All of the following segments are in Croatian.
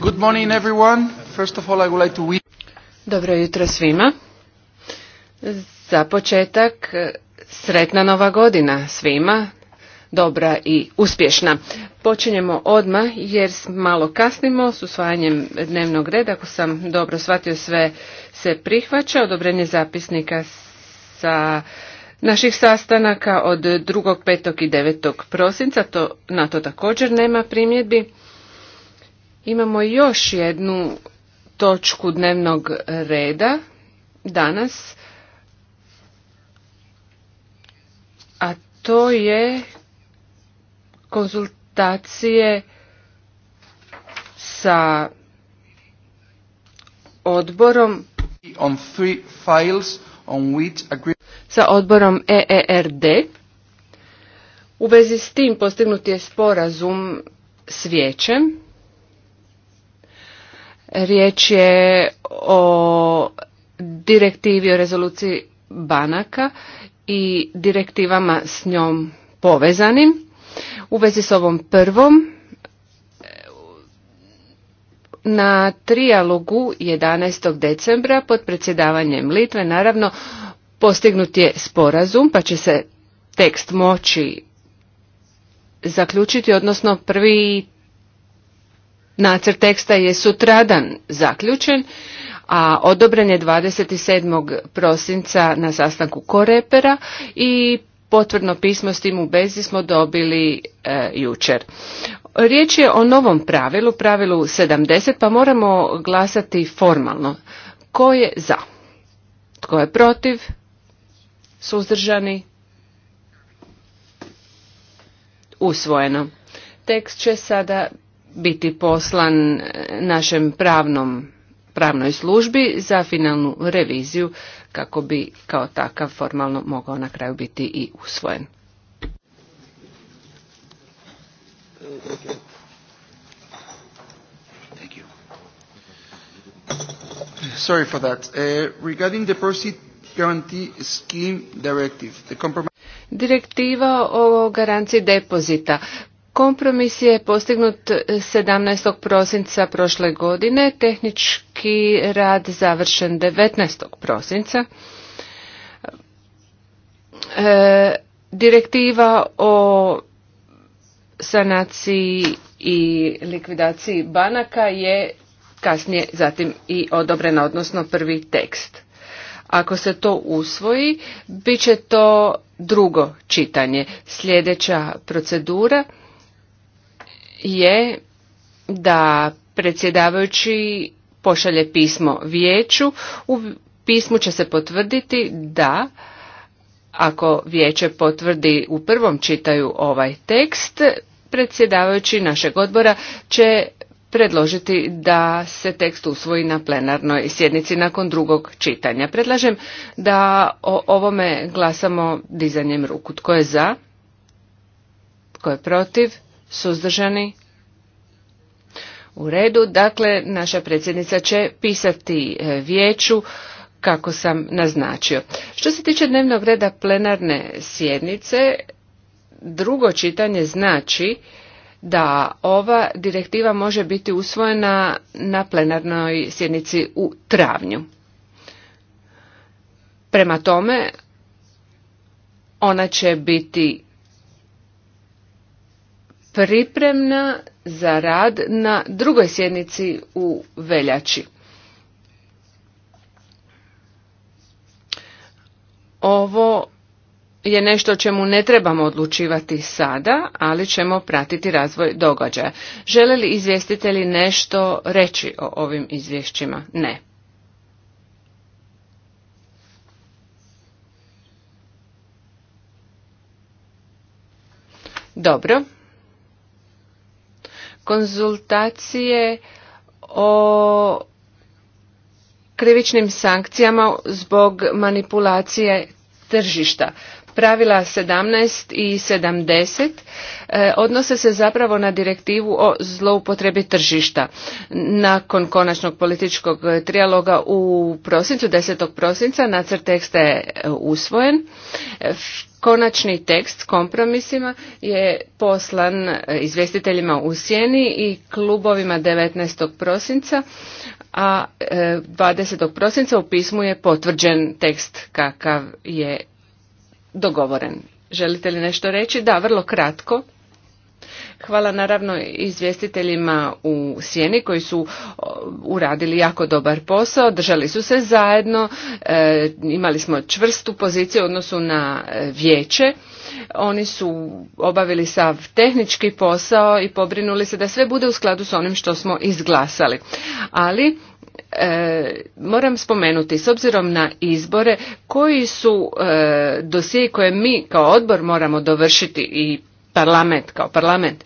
Good morning Dobro jutro svima. Za početak sretna nova godina svima, dobra i uspješna. Počinjemo odmah jer malo kasnimo s usvajanjem dnevnog reda, ako sam dobro shvatio sve se prihvaća, odobrenje zapisnika sa naših sastanaka od 2. 5. i 9. prosinca, to, na to također nema primjedbi. Imamo još jednu točku dnevnog reda danas, a to je konzultacije sa odborom sa odborom EERD. U vezi s tim postignut je sporazum s vijećem Riječ je o direktivi o rezoluciji banaka i direktivama s njom povezanim. U vezi s ovom prvom, na trijalogu 11. decembra pod predsjedavanjem Litve naravno postignut je sporazum pa će se tekst moći zaključiti, odnosno prvi Nacrt teksta je sutradan zaključen, a odobren je 27. prosinca na sastanku Korepera i potvrdno pismo s tim u vezi smo dobili e, jučer. Riječ je o novom pravilu, pravilu 70, pa moramo glasati formalno. Ko je za? Tko je protiv? Suzdržani? Usvojeno. Tekst će sada biti poslan našem pravnom pravnoj službi za finalnu reviziju kako bi kao takav formalno mogao na kraju biti i usvojen. Sorry for that. Uh, regarding guarantee scheme directive, Direktiva o garanciji depozita. Kompromis je postignut 17. prosinca prošle godine, tehnički rad završen 19. prosinca. E, direktiva o sanaciji i likvidaciji banaka je kasnije zatim i odobrena, odnosno prvi tekst. Ako se to usvoji, bit će to drugo čitanje. Sljedeća procedura je da predsjedavajući pošalje pismo vijeću. U pismu će se potvrditi da ako vijeće potvrdi u prvom čitaju ovaj tekst, predsjedavajući našeg odbora će predložiti da se tekst usvoji na plenarnoj sjednici nakon drugog čitanja. Predlažem da o ovome glasamo dizanjem ruku. Tko je za? Tko je protiv? suzdržani, u redu. Dakle, naša predsjednica će pisati e, vijeću kako sam naznačio. Što se tiče dnevnog reda plenarne sjednice, drugo čitanje znači da ova direktiva može biti usvojena na plenarnoj sjednici u travnju. Prema tome, ona će biti pripremna za rad na drugoj sjednici u veljači. Ovo je nešto o čemu ne trebamo odlučivati sada, ali ćemo pratiti razvoj događaja. Žele li izvjestitelji nešto reći o ovim izvješćima? Ne. Dobro konzultacije o krivičnim sankcijama zbog manipulacije tržišta. Pravila 17 i 70 e, odnose se zapravo na direktivu o zloupotrebi tržišta. Nakon konačnog političkog trijaloga u prosincu, 10. prosinca, nacrt teksta je e, usvojen. Konačni tekst s kompromisima je poslan e, izvjestiteljima u Sjeni i klubovima 19. prosinca, a 20. E, prosinca u pismu je potvrđen tekst kakav je dogovoren. Želite li nešto reći? Da, vrlo kratko. Hvala naravno izvjestiteljima u Sjeni koji su uradili jako dobar posao, držali su se zajedno, e, imali smo čvrstu poziciju u odnosu na e, vijeće. Oni su obavili sav tehnički posao i pobrinuli se da sve bude u skladu s onim što smo izglasali. Ali e, moram spomenuti s obzirom na izbore koji su e, dosije koje mi kao odbor moramo dovršiti i parlament kao parlament.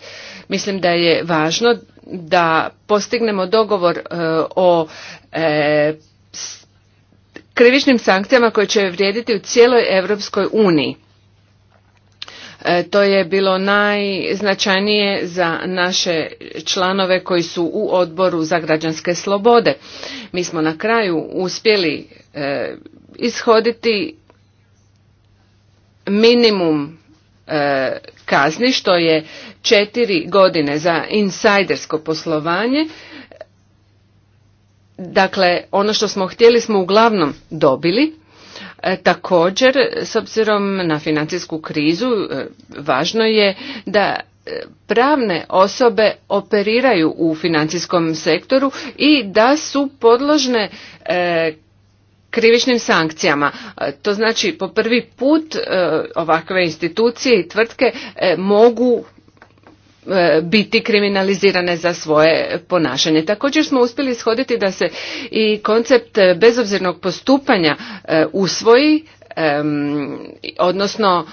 Mislim da je važno da postignemo dogovor e, o e, krivičnim sankcijama koje će vrijediti u cijeloj Europskoj uniji. E, to je bilo najznačajnije za naše članove koji su u odboru za građanske slobode. Mi smo na kraju uspjeli ishoditi minimum kazni, što je četiri godine za insajdersko poslovanje. Dakle, ono što smo htjeli smo uglavnom dobili. E, također, s obzirom na financijsku krizu, e, važno je da e, pravne osobe operiraju u financijskom sektoru i da su podložne krivičnim sankcijama. E, to znači po prvi put e, ovakve institucije i tvrtke e, mogu biti kriminalizirane za svoje ponašanje. Također smo uspjeli ishoditi da se i koncept bezobzirnog postupanja usvoji, odnosno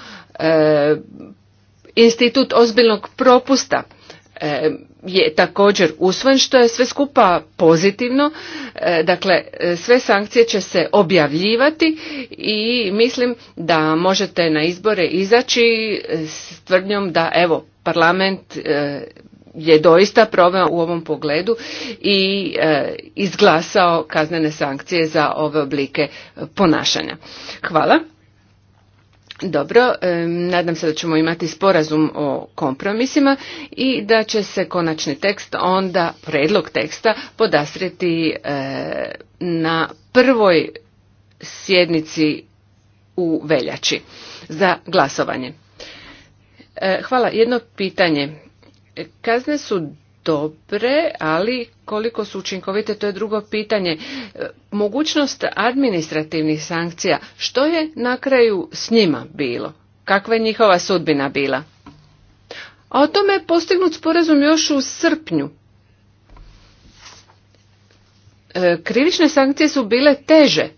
institut ozbiljnog propusta je također usvojen što je sve skupa pozitivno. E, dakle, e, sve sankcije će se objavljivati i mislim da možete na izbore izaći s tvrdnjom da evo parlament e, je doista proveo u ovom pogledu i izglasao kaznene sankcije za ove oblike ponašanja. Hvala. Dobro, nadam se da ćemo imati sporazum o kompromisima i da će se konačni tekst onda, predlog teksta, podastrijeti e, na prvoj sjednici u veljači za glasovanje. E, hvala. Jedno pitanje. Kazne su dobre, ali koliko su učinkovite, to je drugo pitanje. E, mogućnost administrativnih sankcija, što je na kraju s njima bilo? Kakva je njihova sudbina bila? A o tome je postignut sporazum još u srpnju. E, krivične sankcije su bile teže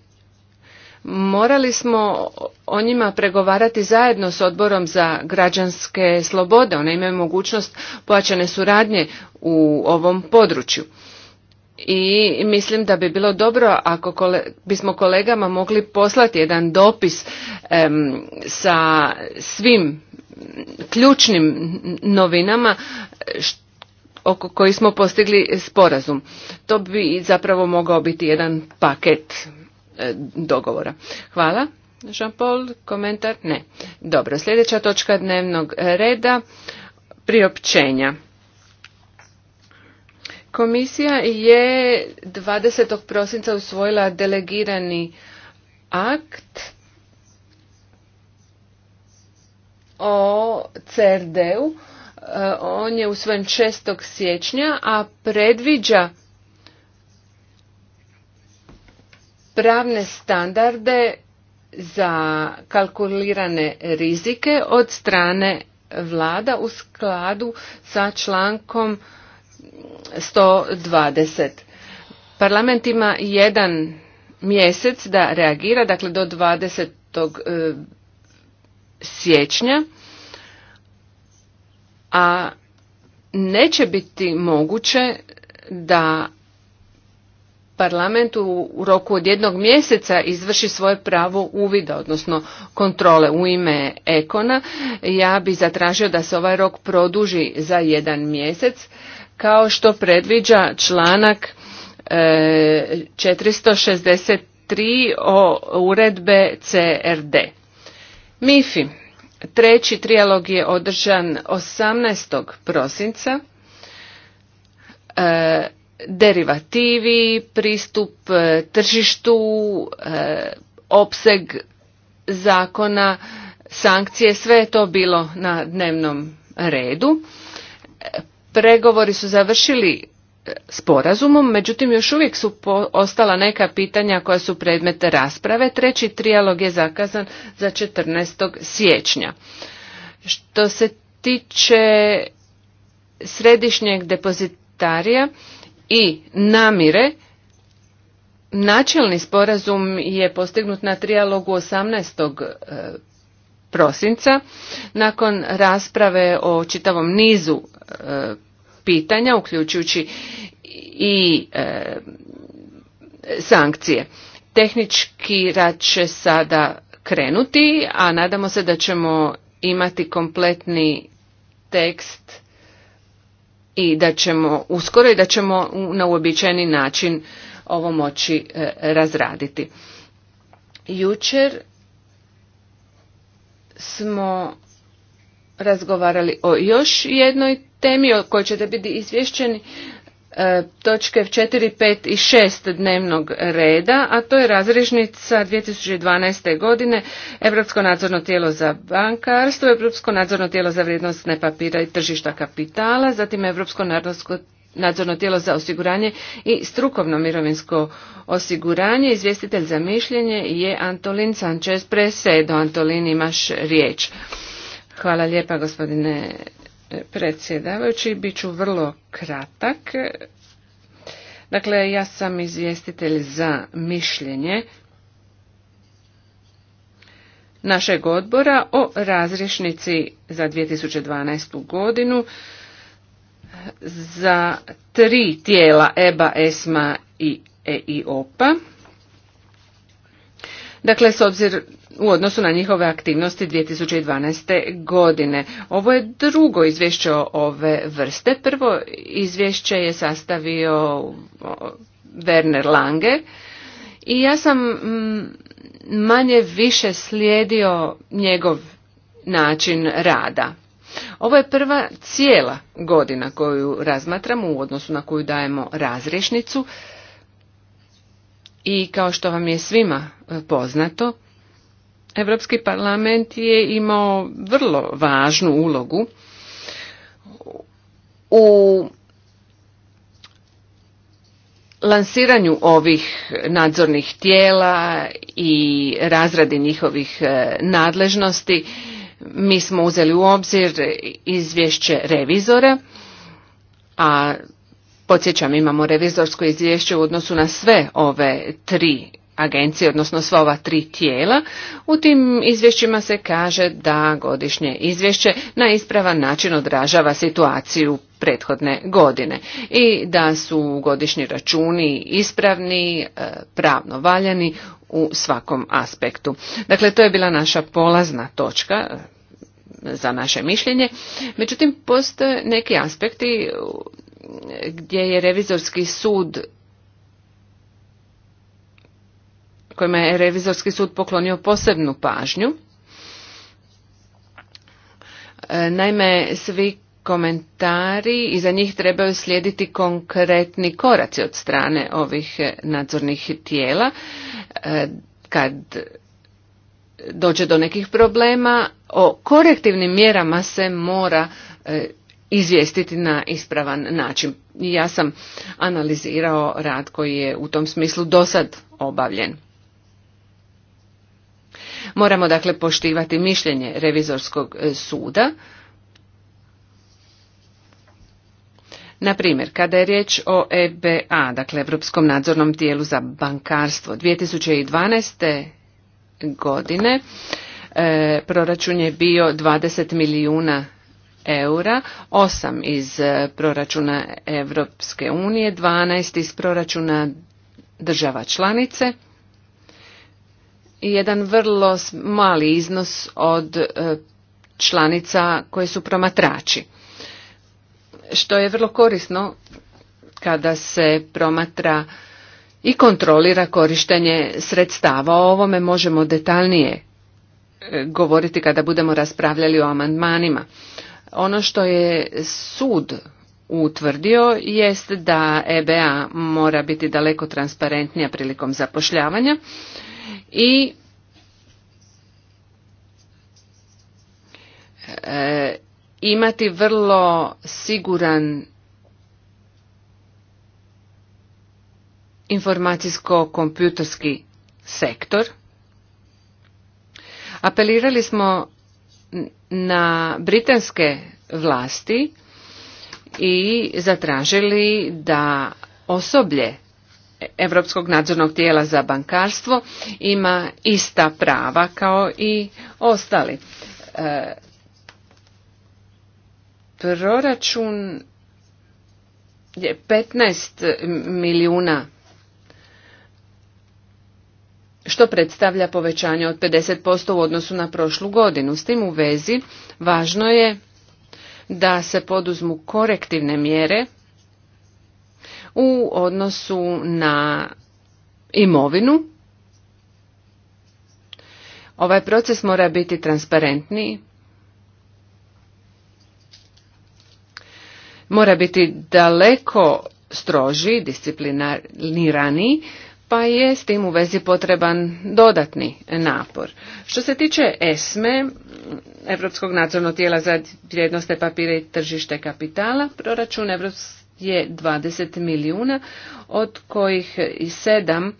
morali smo o njima pregovarati zajedno s odborom za građanske slobode. One imaju mogućnost pojačane suradnje u ovom području. I mislim da bi bilo dobro ako bismo kolegama mogli poslati jedan dopis sa svim ključnim novinama oko koji smo postigli sporazum. To bi zapravo mogao biti jedan paket E, dogovora. Hvala. Jean-Paul, komentar? Ne. Dobro, sljedeća točka dnevnog reda, priopćenja. Komisija je 20. prosinca usvojila delegirani akt o CRD-u. E, on je usvojen 6. siječnja, a predviđa pravne standarde za kalkulirane rizike od strane vlada u skladu sa člankom 120. Parlament ima jedan mjesec da reagira, dakle do 20. E, siječnja, a neće biti moguće da Parlamentu u roku od jednog mjeseca izvrši svoje pravo uvida, odnosno kontrole u ime Ekona, ja bi zatražio da se ovaj rok produži za jedan mjesec, kao što predviđa članak 463 e, o uredbe CRD. MIFI. Treći trijalog je održan 18. prosinca. E, derivativi, pristup e, tržištu, e, opseg zakona, sankcije, sve je to bilo na dnevnom redu. E, pregovori su završili sporazumom, međutim još uvijek su ostala neka pitanja koja su predmete rasprave. Treći trijalog je zakazan za 14. siječnja. Što se tiče središnjeg depozitarija, i namire načelni sporazum je postignut na trijalogu 18. E, prosinca nakon rasprave o čitavom nizu e, pitanja uključujući i e, sankcije. Tehnički rad će sada krenuti, a nadamo se da ćemo imati kompletni tekst i da ćemo uskoro i da ćemo na uobičajeni način ovo moći e, razraditi. Jučer smo razgovarali o još jednoj temi o kojoj ćete biti izvješćeni E, točke 4, 5 i 6 dnevnog reda, a to je razrežnica 2012. godine Evropsko nadzorno tijelo za bankarstvo, Evropsko nadzorno tijelo za vrijednostne papira i tržišta kapitala, zatim Evropsko nadzorno tijelo za osiguranje i strukovno mirovinsko osiguranje. Izvjestitelj za mišljenje je Antolin Sanchez Presedo. Antolin, imaš riječ. Hvala lijepa gospodine predsjedavajući. ću vrlo kratak. Dakle, ja sam izvjestitelj za mišljenje našeg odbora o razrješnici za 2012. godinu za tri tijela EBA, ESMA i EIOPA. Dakle, s obzirom u odnosu na njihove aktivnosti 2012. godine. Ovo je drugo izvješće ove vrste. Prvo izvješće je sastavio Werner Lange i ja sam mm, manje više slijedio njegov način rada. Ovo je prva cijela godina koju razmatramo u odnosu na koju dajemo razrešnicu i kao što vam je svima e, poznato, Europski parlament je imao vrlo važnu ulogu u lansiranju ovih nadzornih tijela i razradi njihovih e, nadležnosti mi smo uzeli u obzir izvješće revizora, a podsjećam imamo revizorsko izvješće u odnosu na sve ove tri agencije, odnosno sva ova tri tijela. U tim izvješćima se kaže da godišnje izvješće na ispravan način odražava situaciju prethodne godine i da su godišnji računi ispravni, e, pravno valjani u svakom aspektu. Dakle, to je bila naša polazna točka e, za naše mišljenje. Međutim, postoje neki aspekti e, gdje je revizorski sud kojima je Revizorski sud poklonio posebnu pažnju. E, naime, svi komentari i za njih trebaju slijediti konkretni koraci od strane ovih e, nadzornih tijela. E, kad dođe do nekih problema, o korektivnim mjerama se mora izvijestiti na ispravan način. Ja sam analizirao rad koji je u tom smislu dosad obavljen. Moramo dakle poštivati mišljenje revizorskog e, suda. Na primjer, kada je riječ o EBA, dakle Europskom nadzornom tijelu za bankarstvo, 2012. godine e, proračun je bio 20 milijuna eura, 8 iz e, proračuna Europske unije, 12 iz proračuna država članice, jedan vrlo mali iznos od e, članica koje su promatrači. Što je vrlo korisno kada se promatra i kontrolira korištenje sredstava. O ovome možemo detaljnije e, govoriti kada budemo raspravljali o amandmanima. Ono što je sud utvrdio jest da EBA mora biti daleko transparentnija prilikom zapošljavanja i e, imati vrlo siguran informacijsko-kompjutorski sektor. Apelirali smo na britanske vlasti i zatražili da osoblje Europskog nadzornog tijela za bankarstvo ima ista prava kao i ostali. E, proračun je 15 milijuna što predstavlja povećanje od 50% u odnosu na prošlu godinu. S tim u vezi važno je da se poduzmu korektivne mjere u odnosu na imovinu. Ovaj proces mora biti transparentniji. Mora biti daleko stroži, disciplinirani, pa je s tim u vezi potreban dodatni napor. Što se tiče ESME, Europskog nadzornog tijela za vrijednostne papire i tržište kapitala, proračun Evropske je 20 milijuna, od kojih i 7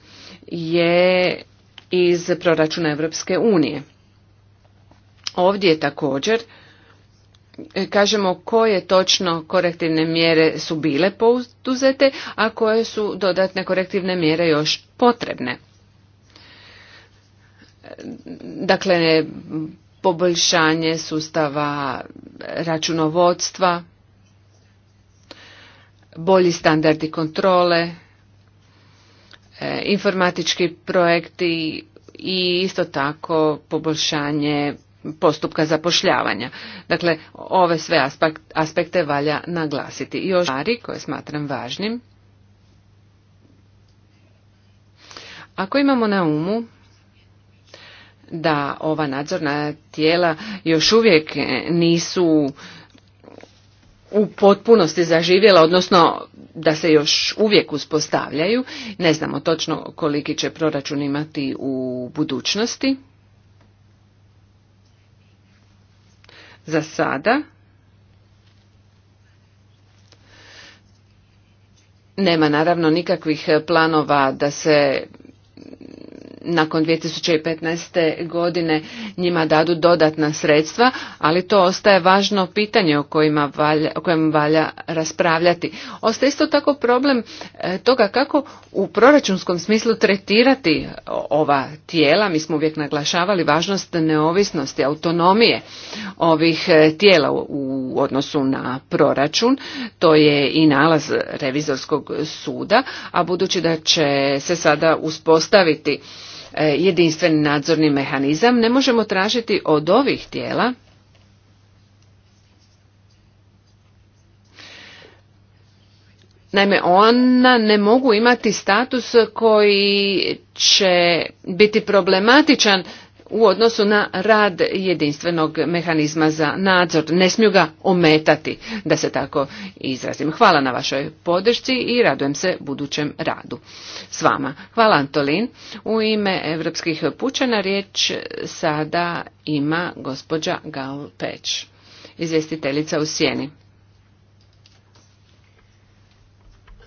je iz proračuna Europske unije. Ovdje također e, kažemo koje točno korektivne mjere su bile poduzete, a koje su dodatne korektivne mjere još potrebne. Dakle, poboljšanje sustava računovodstva, bolji standardi kontrole, e, informatički projekti i isto tako poboljšanje postupka zapošljavanja. Dakle, ove sve aspekte valja naglasiti. I još stvari koje smatram važnim. Ako imamo na umu da ova nadzorna tijela još uvijek nisu u potpunosti zaživjela, odnosno da se još uvijek uspostavljaju. Ne znamo točno koliki će proračun imati u budućnosti. Za sada nema naravno nikakvih planova da se nakon 2015. godine njima dadu dodatna sredstva, ali to ostaje važno pitanje o, kojima valja, o kojem valja raspravljati. Ostaje isto tako problem e, toga kako u proračunskom smislu tretirati ova tijela. Mi smo uvijek naglašavali važnost neovisnosti, autonomije ovih e, tijela u odnosu na proračun. To je i nalaz revizorskog suda, a budući da će se sada uspostaviti E, Jedinstveni nadzorni mehanizam, ne možemo tražiti od ovih tijela Naime, ona ne mogu imati status koji će biti problematičan u odnosu na rad jedinstvenog mehanizma za nadzor. Ne smiju ga ometati, da se tako izrazim. Hvala na vašoj podršci i radujem se budućem radu s vama. Hvala Antolin. U ime Evropskih pučana riječ sada ima gospođa Gal Peć, izvjestiteljica u Sjeni.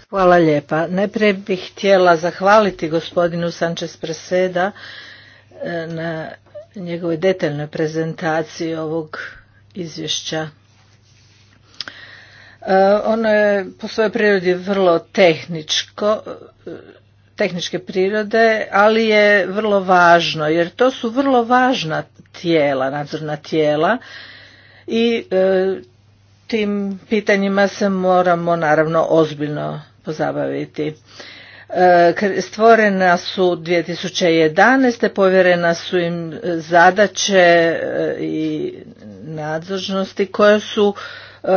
Hvala lijepa. Najprije bih htjela zahvaliti gospodinu Sanchez Preseda E, na njegovoj detaljnoj prezentaciji ovog izvješća. E, ono je po svojoj prirodi vrlo tehničko, e, tehničke prirode, ali je vrlo važno jer to su vrlo važna tijela, nadzorna tijela i tim pitanjima se moramo naravno ozbiljno pozabaviti. E, stvorena su 2011. povjerena su im zadaće e, i nadležnosti koje su e,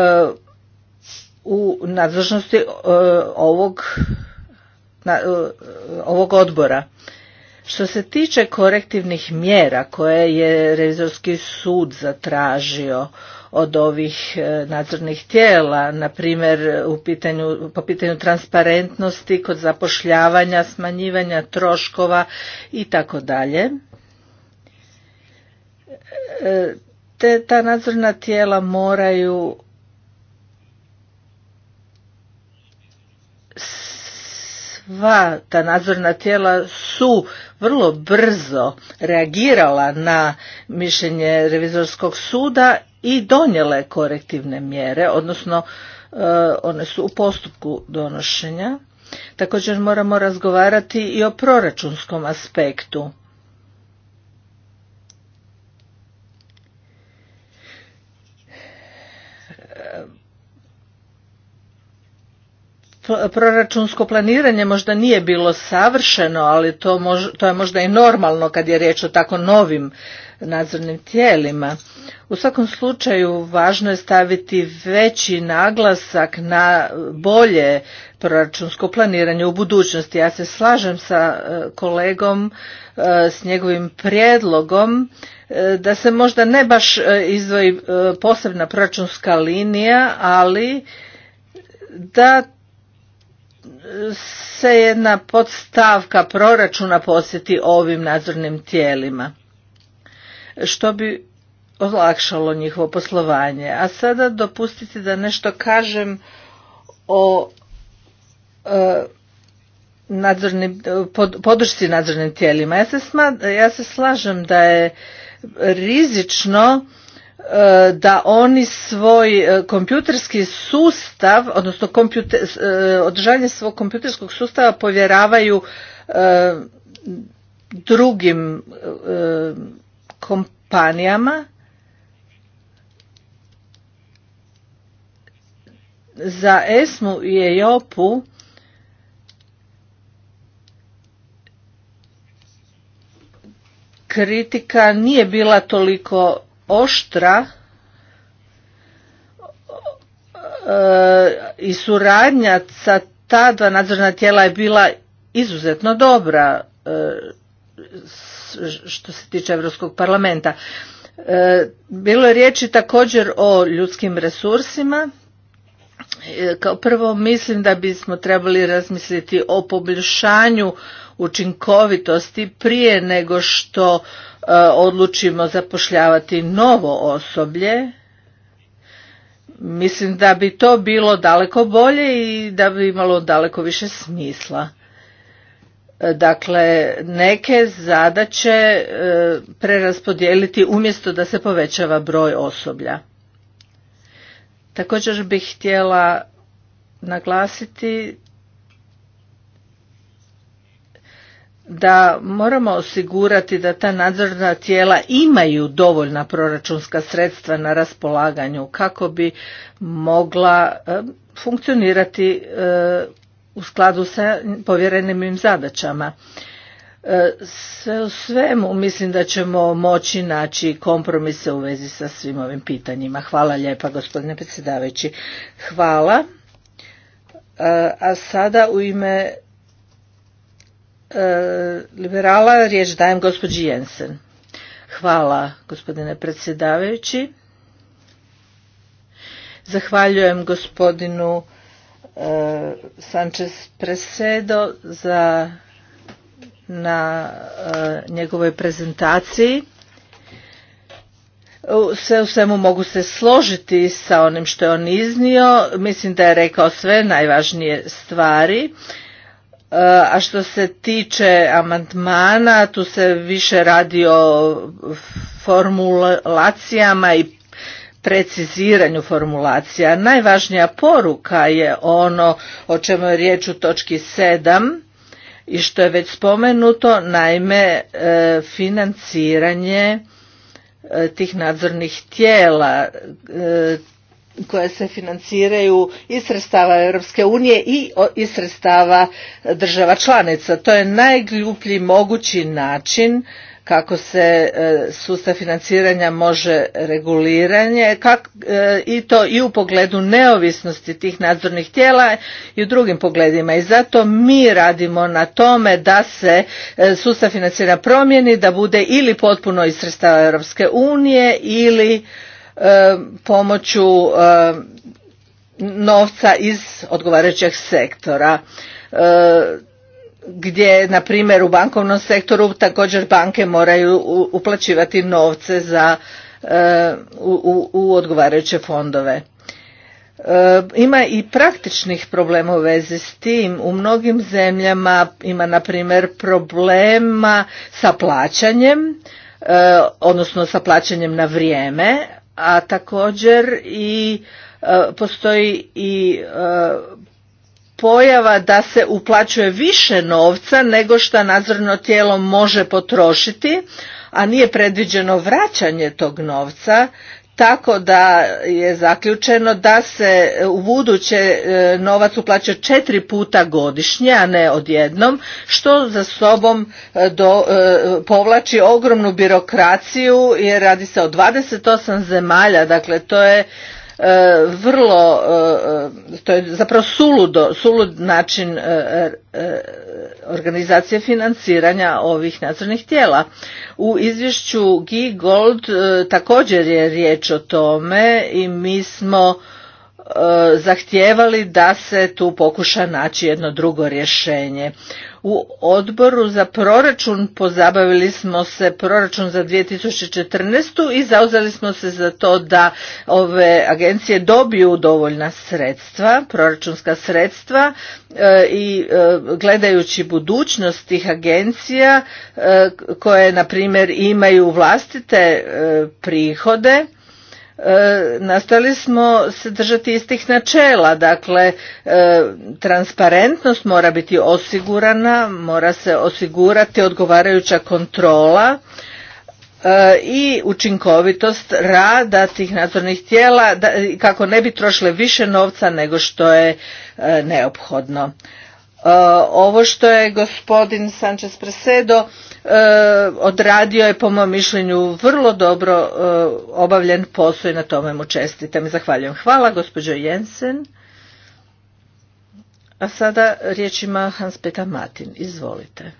u nadležnosti ovog, ovog odbora. Što se tiče korektivnih mjera koje je Revizorski sud zatražio, od ovih e, nadzornih tijela, na primjer po pitanju transparentnosti kod zapošljavanja, smanjivanja troškova i tako dalje. E, te ta nadzorna tijela moraju sva ta nadzorna tijela su vrlo brzo reagirala na mišljenje revizorskog suda i donijele korektivne mjere, odnosno e, one su u postupku donošenja. Također moramo razgovarati i o proračunskom aspektu. proračunsko planiranje možda nije bilo savršeno, ali to, to je možda i normalno kad je riječ o tako novim nadzornim tijelima. U svakom slučaju važno je staviti veći naglasak na bolje proračunsko planiranje u budućnosti. Ja se slažem sa e, kolegom e, s njegovim prijedlogom e, da se možda ne baš izdvoji posebna proračunska linija, ali da se jedna podstavka proračuna posjeti ovim nadzornim tijelima, što bi olakšalo njihovo poslovanje. A sada dopustite da nešto kažem o e, nadzornim, podršci nadzornim tijelima. ja se slažem da je rizično E, da oni svoj e, kompjuterski sustav, odnosno e, održanje svog kompjuterskog sustava povjeravaju drugim kompanijama za ESMU i EJOP-u kritika nije bila toliko oštra e, i suradnja sa ta dva nadzorna tijela je bila izuzetno dobra e, što se tiče Europskog parlamenta. E, bilo je riječi također o ljudskim resursima. Kao prvo mislim da bismo trebali razmisliti o poboljšanju učinkovitosti prije nego što E, odlučimo zapošljavati novo osoblje, mislim da bi to bilo daleko bolje i da bi imalo daleko više smisla. E, dakle, neke zadaće e, preraspodijeliti umjesto da se povećava broj osoblja. Također bih htjela naglasiti da moramo osigurati da ta nadzorna tijela imaju dovoljna proračunska sredstva na raspolaganju kako bi mogla e, funkcionirati e, u skladu sa povjerenim im zadaćama. E, sve u svemu mislim da ćemo moći naći kompromise u vezi sa svim ovim pitanjima. Hvala lijepa gospodine predsjedavajući. Hvala. A sada u ime E, liberala riječ dajem gospođi Jensen. Hvala gospodine predsjedavajući. Zahvaljujem gospodinu e, Sanchez Presedo za na e, njegovoj prezentaciji. Sve u svemu mogu se složiti sa onim što je on iznio. Mislim da je rekao sve najvažnije stvari E, a što se tiče amandmana, tu se više radi o formulacijama i preciziranju formulacija. Najvažnija poruka je ono o čemu je riječ u točki 7 i što je već spomenuto, naime e, financiranje e, tih nadzornih tijela koje se financiraju iz sredstava Europske unije i iz sredstava država članica. To je najgljuplji mogući način kako se e, sustav financiranja može reguliranje kak, e, i to i u pogledu neovisnosti tih nadzornih tijela i u drugim pogledima i zato mi radimo na tome da se e, sustav financiranja promijeni da bude ili potpuno iz sredstava Europske unije ili E, pomoću e, novca iz odgovarajućeg sektora e, gdje na primjer u bankovnom sektoru također banke moraju uplaćivati novce za u, u odgovarajuće fondove ima i praktičnih problema u vezi s tim. U mnogim zemljama ima, na primjer, problema sa plaćanjem, odnosno sa plaćanjem na vrijeme, a također i e, postoji i e, pojava da se uplaćuje više novca nego što nadzorno tijelo može potrošiti, a nije predviđeno vraćanje tog novca tako da je zaključeno da se u buduće e, novac uplaća četiri puta godišnje, a ne odjednom, što za sobom e, do, e, povlači ogromnu birokraciju jer radi se o 28 zemalja, dakle to je E, vrlo, e, e, to je zapravo suludo, sulud način organizacije financiranja ovih nadzornih tijela. U izvješću G Gold također je riječ o tome i mi smo E, zahtijevali da se tu pokuša naći jedno drugo rješenje. U odboru za proračun pozabavili smo se proračun za 2014. i zauzeli smo se za to da ove agencije dobiju dovoljna sredstva, proračunska sredstva e, i e, gledajući budućnost tih agencija koje na primjer imaju vlastite prihode E, nastali smo se držati istih načela, dakle e, transparentnost mora biti osigurana, mora se osigurati odgovarajuća kontrola e, i učinkovitost rada tih nadzornih tijela kako ne bi trošile više novca nego što je neophodno. E, ovo što je gospodin Sanchez Presedo e, odradio je po mom mišljenju vrlo dobro e, obavljen posao i na tome mu čestitam i zahvaljujem. Hvala gospođo Jensen. A sada riječ ima Hans Peter Martin. Izvolite.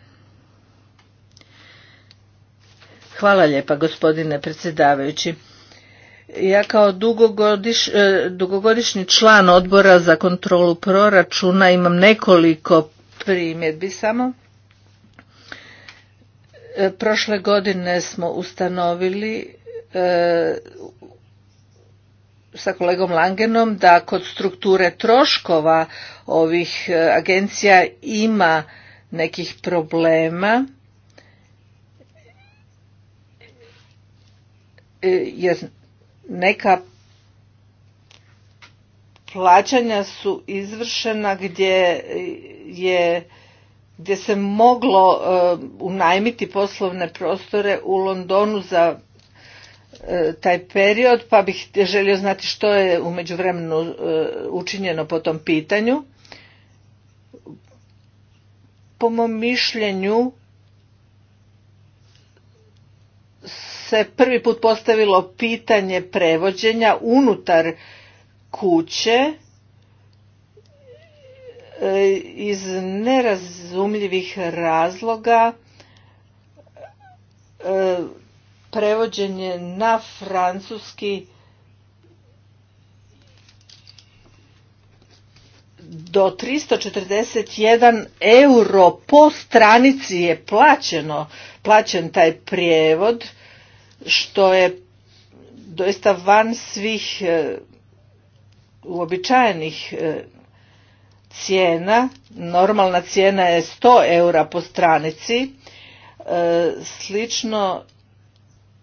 Hvala lijepa gospodine predsjedavajući. Ja kao e, dugogodišnji član odbora za kontrolu proračuna imam nekoliko primjedbi samo. E, prošle godine smo ustanovili e, sa kolegom Langenom da kod strukture troškova ovih agencija ima nekih problema jer neka plaćanja su izvršena gdje je gdje se moglo eh, unajmiti poslovne prostore u Londonu za eh, taj period pa bih želio znati što je u međuvremenu eh, učinjeno po tom pitanju. Po mom mišljenju se prvi put postavilo pitanje prevođenja unutar kuće e, iz nerazumljivih razloga e, prevođenje na francuski do 341 euro po stranici je plaćeno, plaćen taj prijevod što je doista van svih e, uobičajenih e, cijena. Normalna cijena je 100 eura po stranici. E, slično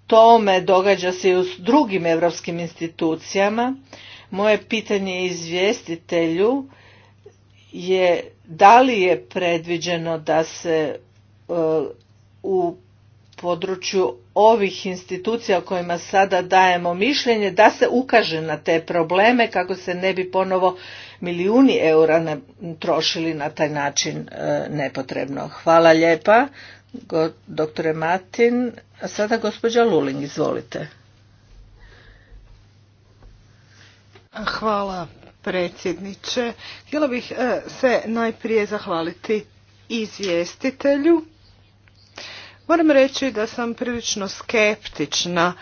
tome događa se i u drugim europskim institucijama. Moje pitanje izvjestitelju je da li je predviđeno da se u području ovih institucija o kojima sada dajemo mišljenje da se ukaže na te probleme kako se ne bi ponovo milijuni eura trošili na taj način e, nepotrebno. Hvala lijepa, doktore Martin. A sada gospođa Luling, izvolite. Hvala predsjedniče. Htjela bih e, se najprije zahvaliti izvjestitelju Moram reći da sam prilično skeptična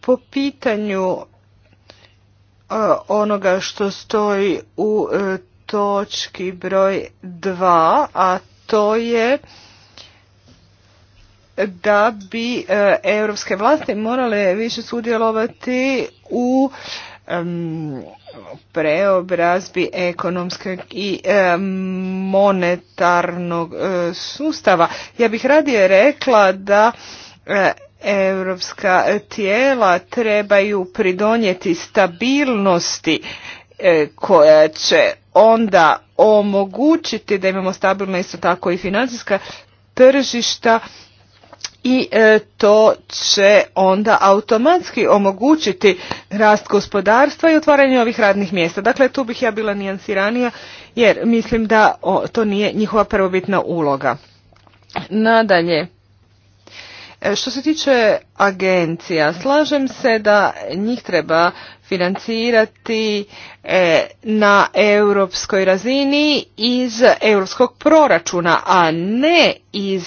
po pitanju e, onoga što stoji u e, točki broj 2, a to je da bi e, europske vlasti morale više sudjelovati u preobrazbi ekonomskog i e, monetarnog e, sustava. Ja bih radije rekla da europska tijela trebaju pridonijeti stabilnosti e, koja će onda omogućiti da imamo stabilno isto tako i financijska tržišta i e, to će onda automatski omogućiti rast gospodarstva i otvaranje ovih radnih mjesta. Dakle, tu bih ja bila nijansiranija jer mislim da to nije njihova prvobitna uloga. Nadalje, e, što se tiče agencija, slažem se da njih treba financirati e, na europskoj razini iz europskog proračuna, a ne iz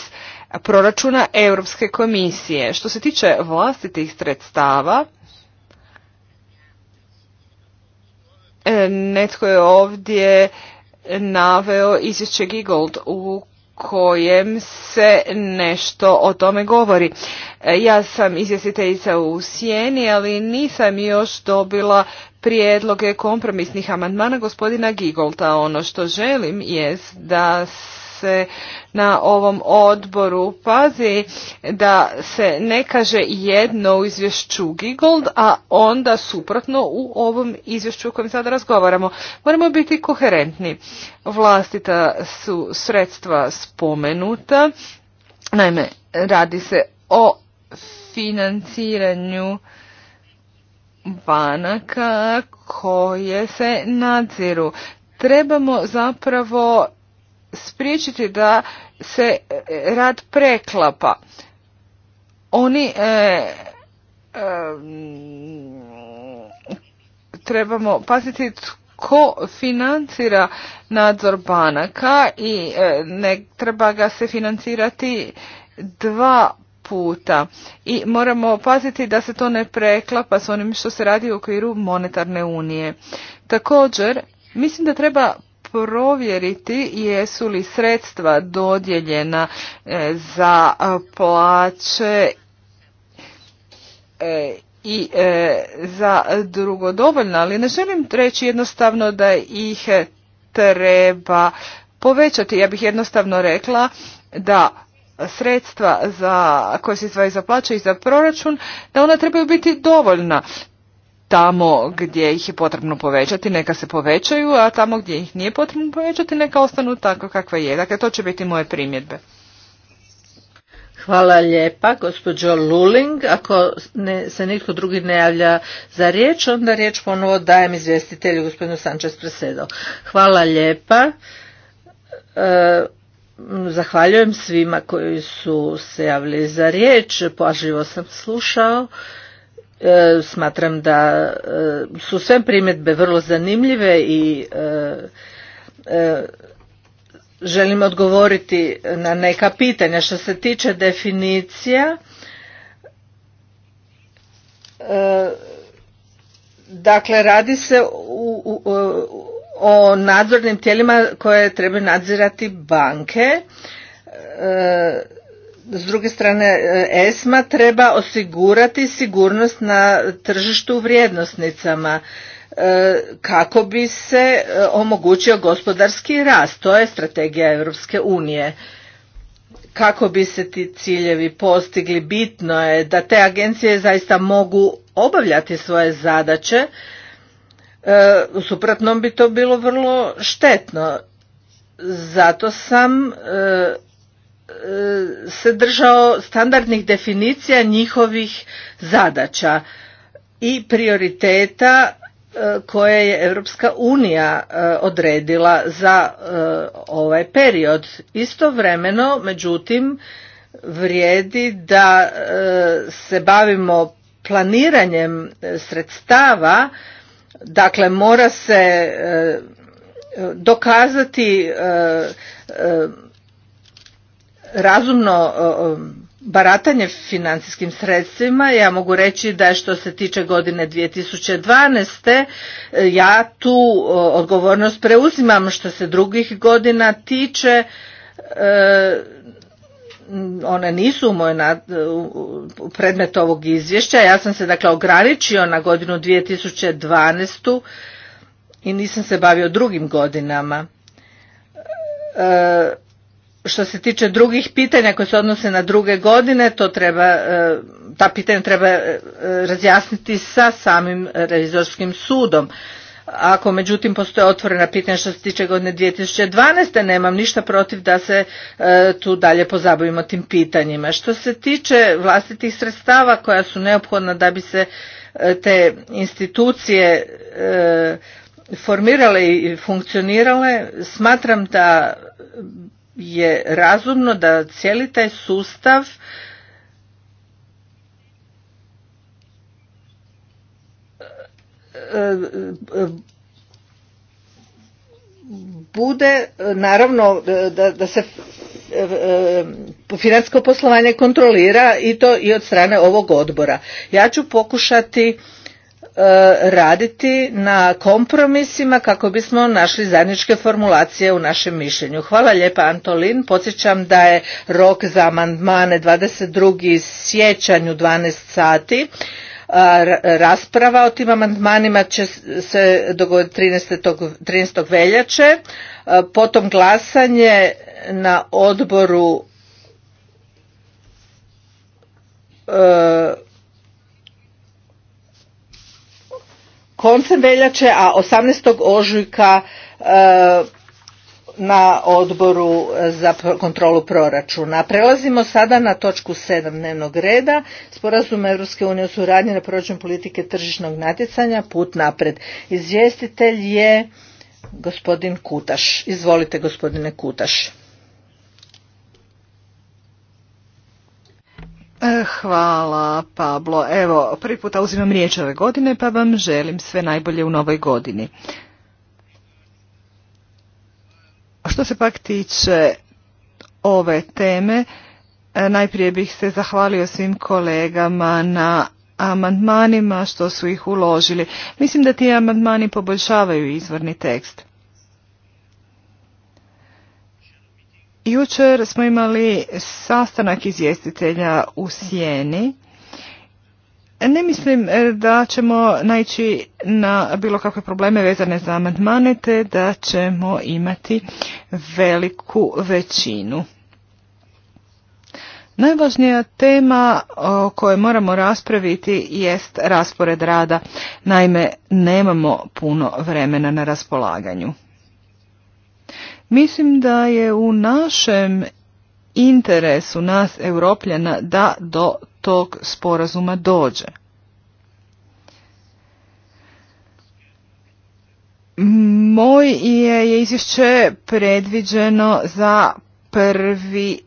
proračuna Europske komisije. Što se tiče vlastitih sredstava, e, netko je ovdje naveo izvješće Gigold u kojem se nešto o tome govori. E, ja sam izvjestiteljica u Sjeni, ali nisam još dobila prijedloge kompromisnih amandmana gospodina Gigolta. Ono što želim jest da se na ovom odboru pazi da se ne kaže jedno u izvješću Gigold, a onda suprotno u ovom izvješću o kojem sada razgovaramo. Moramo biti koherentni. Vlastita su sredstva spomenuta. Naime, radi se o financiranju banaka koje se nadziru. Trebamo zapravo spriječiti da se e, rad preklapa. Oni e, e, trebamo paziti tko financira nadzor banaka i ne treba ga se financirati dva puta i moramo paziti da se to ne preklapa s onim što se radi u okviru monetarne unije. Također, mislim da treba provjeriti jesu li sredstva dodjeljena e, za plaće e, i e, za drugo ali ne želim reći jednostavno da ih treba povećati. Ja bih jednostavno rekla da sredstva za, koje se izdvajaju za plaće i za proračun, da ona trebaju biti dovoljna tamo gdje ih je potrebno povećati, neka se povećaju, a tamo gdje ih nije potrebno povećati, neka ostanu tako kakva je. Dakle, to će biti moje primjedbe. Hvala lijepa, gospođo Luling. Ako se nitko drugi ne javlja za riječ, onda riječ ponovo dajem izvjestitelju gospodinu Sančez Presedo. Hvala lijepa. E, zahvaljujem svima koji su se javili za riječ. Pažljivo sam slušao. E, smatram da e, su sve primjedbe vrlo zanimljive i e, želim odgovoriti na neka pitanja. Što se tiče definicija, dakle radi se o nadzornim tijelima koje trebaju nadzirati banke. E, s druge strane e, ESMA treba osigurati sigurnost na tržištu vrijednosnicama e, kako bi se e, omogućio gospodarski rast. To je strategija Europske unije. Kako bi se ti ciljevi postigli, bitno je da te agencije zaista mogu obavljati svoje zadaće, u suprotnom bi to bilo vrlo štetno. Zato sam se držao standardnih definicija njihovih zadaća i prioriteta e, koje je Europska unija e, odredila za e, ovaj period. Istovremeno, međutim, vrijedi da se bavimo planiranjem sredstava, dakle mora se dokazati razumno baratanje financijskim sredstvima. Ja mogu reći da što se tiče godine 2012. ja tu odgovornost preuzimam što se drugih godina tiče e, one nisu u nad, predmet ovog izvješća. Ja sam se dakle ograničio na godinu 2012. i nisam se bavio drugim godinama. E, što se tiče drugih pitanja koje se odnose na druge godine, to treba, e, ta pitanja treba e, razjasniti sa samim revizorskim sudom. Ako međutim postoje otvorena pitanja što se tiče godine 2012. nemam ništa protiv da se e, tu dalje pozabavimo tim pitanjima. Što se tiče vlastitih sredstava koja su neophodna da bi se te institucije formirale i funkcionirale, smatram da je razumno da cijeli taj sustav bude naravno da, da se e, e, financijsko poslovanje kontrolira i to i od strane ovog odbora. Ja ću pokušati E, raditi na kompromisima kako bismo našli zajedničke formulacije u našem mišljenju. Hvala lijepa Antolin. Podsjećam da je rok za amandmane 22. sjećanju u 12 sati. Rasprava o tim amandmanima će se dogoditi 13. veljače, potom glasanje na odboru e, koncem veljače, a 18. ožujka e, na odboru za kontrolu proračuna. Prelazimo sada na točku 7 dnevnog reda. Sporazum Europske unije o suradnji na proračun politike tržišnog natjecanja Put napred. Izvjestitelj je gospodin Kutaš. Izvolite gospodine Kutaš. Eh, hvala Pablo. Evo, prvi puta uzimam riječ ove godine pa vam želim sve najbolje u novoj godini. Što se pak tiče ove teme, eh, najprije bih se zahvalio svim kolegama na amandmanima što su ih uložili. Mislim da ti amandmani poboljšavaju izvorni tekst. Jučer smo imali sastanak izvjestitelja u Sjeni. Ne mislim e, da ćemo naći na bilo kakve probleme vezane za amandmane, te da ćemo imati veliku većinu. Najvažnija tema o kojoj moramo raspraviti jest raspored rada. Naime, nemamo puno vremena na raspolaganju. Mislim da je u našem interesu nas europljana da do tog sporazuma dođe. Moj je izvješće predviđeno za prvi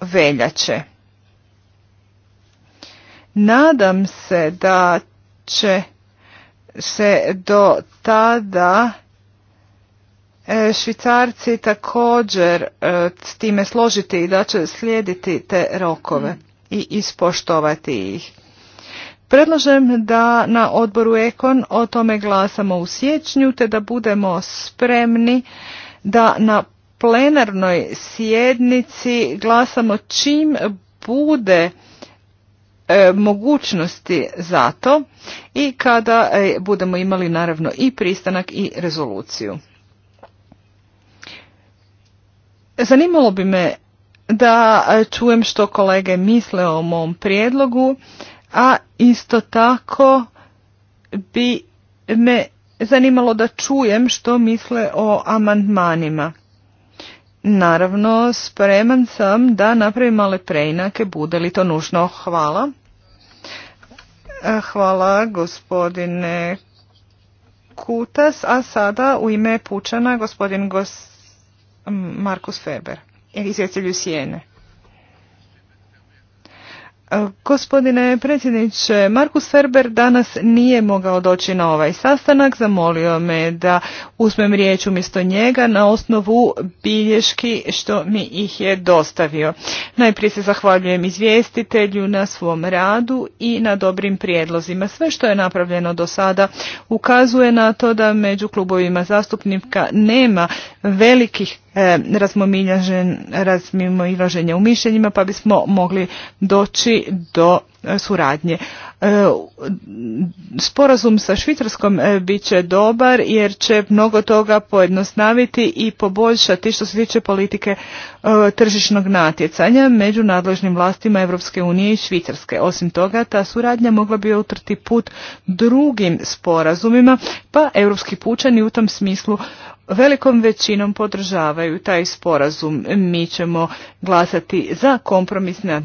veljače. Nadam se da će se do tada E, Švicarci također e, s time složiti i da će slijediti te rokove i ispoštovati ih. Predlažem da na odboru Ekon o tome glasamo u siječnju te da budemo spremni da na plenarnoj sjednici glasamo čim bude e, mogućnosti za to i kada budemo imali naravno i pristanak i rezoluciju. Zanimalo bi me da čujem što kolege misle o mom prijedlogu, a isto tako bi me zanimalo da čujem što misle o amandmanima. Naravno, spreman sam da napravim male preinake, bude li to nužno. Hvala. Hvala gospodine Kutas, a sada u ime Pučana gospodin Gos Markus Feber, Sijene. E, gospodine predsjedniče, Markus Ferber danas nije mogao doći na ovaj sastanak, zamolio me da uzmem riječ umjesto njega na osnovu bilješki što mi ih je dostavio. Najprije se zahvaljujem izvjestitelju na svom radu i na dobrim prijedlozima. Sve što je napravljeno do sada ukazuje na to da među klubovima zastupnika nema velikih e, razmimoilaženja u mišljenjima pa bismo mogli doći do e, suradnje. E, sporazum sa Švicarskom e, bit će dobar jer će mnogo toga pojednostaviti i poboljšati što se tiče politike tržišnog natjecanja među nadležnim vlastima Europske unije i Švicarske. Osim toga, ta suradnja mogla bi utrti put drugim sporazumima, pa europski pučani u tom smislu velikom većinom podržavaju taj sporazum. Mi ćemo glasati za kompromisne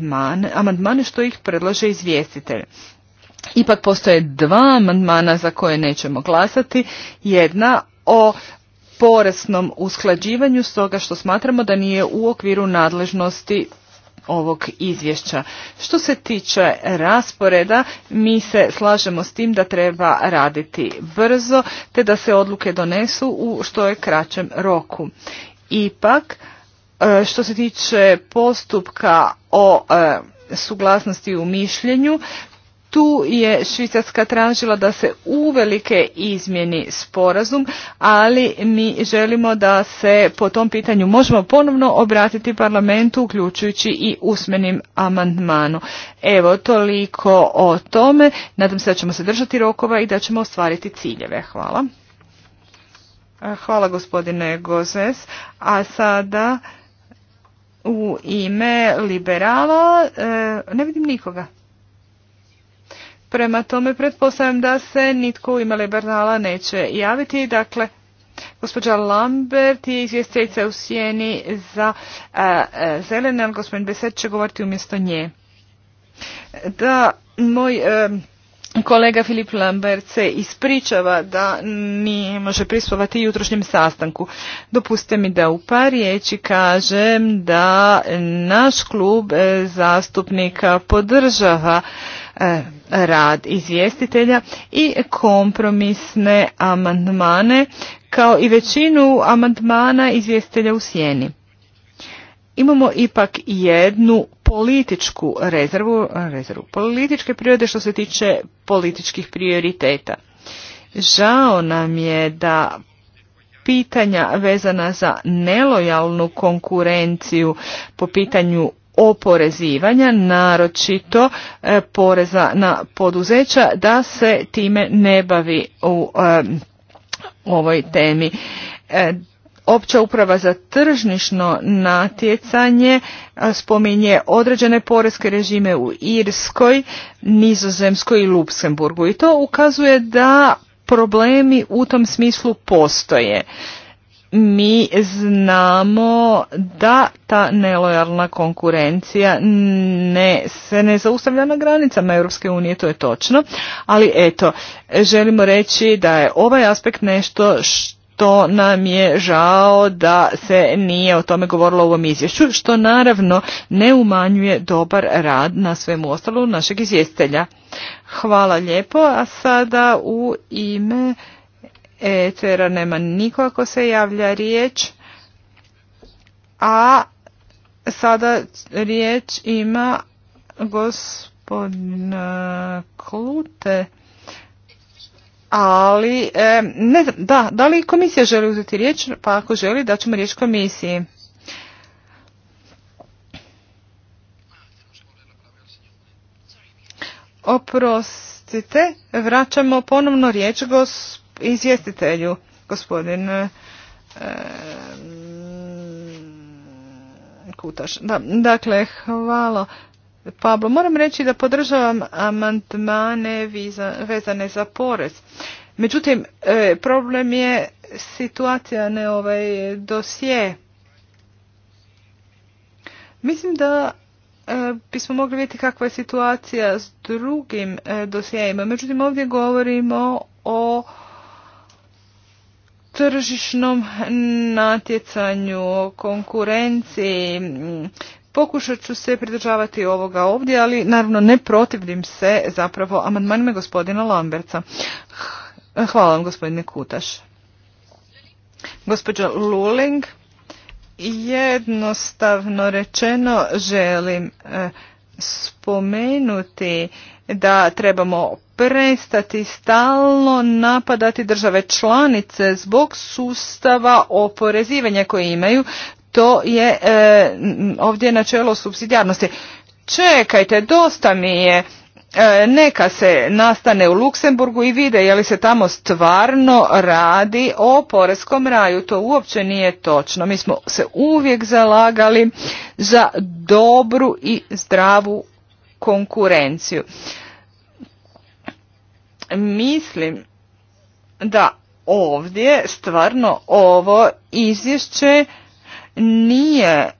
amandmane što ih predlaže izvjestitelj. Ipak postoje dva amandmana za koje nećemo glasati. Jedna o poresnom usklađivanju stoga što smatramo da nije u okviru nadležnosti ovog izvješća. Što se tiče rasporeda, mi se slažemo s tim da treba raditi brzo, te da se odluke donesu u što je kraćem roku. Ipak, e, što se tiče postupka o e, suglasnosti u mišljenju, tu je Švicarska tražila da se uvelike izmjeni sporazum, ali mi želimo da se po tom pitanju možemo ponovno obratiti parlamentu, uključujući i usmenim amandmanom. Evo, toliko o tome. Nadam se da ćemo se držati rokova i da ćemo ostvariti ciljeve. Hvala. E, hvala gospodine Gozes. A sada u ime liberala e, ne vidim nikoga. Prema tome, pretpostavljam da se nitko u ime liberala neće javiti. Dakle, gospođa Lambert je izvjestiteljica u sjeni za a, zelene, ali gospodin Beset će govoriti umjesto nje. Da, moj kolega Filip Lambert se ispričava da nije može prisutovati jutrošnjem sastanku. Dopustite mi da u par riječi kažem da naš klub zastupnika podržava E, rad izvjestitelja i kompromisne amandmane kao i većinu amandmana izvjestitelja u sjeni. Imamo ipak jednu političku rezervu, rezervu političke prirode što se tiče političkih prioriteta. Žao nam je da pitanja vezana za nelojalnu konkurenciju po pitanju oporezivanja, naročito e, poreza na poduzeća, da se time ne bavi u e, ovoj temi. E, opća uprava za tržnišno natjecanje spominje određene porezke režime u Irskoj, Nizozemskoj i Luksemburgu i to ukazuje da problemi u tom smislu postoje mi znamo da ta nelojalna konkurencija ne, se ne zaustavlja na granicama Europske unije, to je točno, ali eto, želimo reći da je ovaj aspekt nešto što nam je žao da se nije o tome govorilo u ovom izvješću, što naravno ne umanjuje dobar rad na svemu ostalu našeg izvjestelja. Hvala lijepo, a sada u ime etera nema niko ako se javlja riječ. A sada riječ ima gospodin e, Klute. Ali, e, ne da, da li komisija želi uzeti riječ? Pa ako želi, da ćemo riječ komisiji. Oprostite, vraćamo ponovno riječ gospodin izvjestitelju, gospodin e, mm, Kutaš. dakle, hvala. Pablo, moram reći da podržavam amandmane vezane za porez. Međutim, e, problem je situacija, ne ovaj dosje. Mislim da e, bismo mogli vidjeti kakva je situacija s drugim dosjejima. Međutim, ovdje govorimo o tržišnom natjecanju, konkurenciji. Pokušat ću se pridržavati ovoga ovdje, ali naravno ne protivim se zapravo amandmanima gospodina Lamberca. Hvala vam gospodine Kutaš. Gospođa Luling, jednostavno rečeno želim eh, spomenuti da trebamo prestati stalno napadati države članice zbog sustava oporezivanja koje imaju. To je e, ovdje načelo subsidijarnosti. Čekajte, dosta mi je. E, neka se nastane u Luksemburgu i vide je li se tamo stvarno radi o poreskom raju. To uopće nije točno. Mi smo se uvijek zalagali za dobru i zdravu konkurenciju. Mislim da ovdje stvarno ovo izvješće nije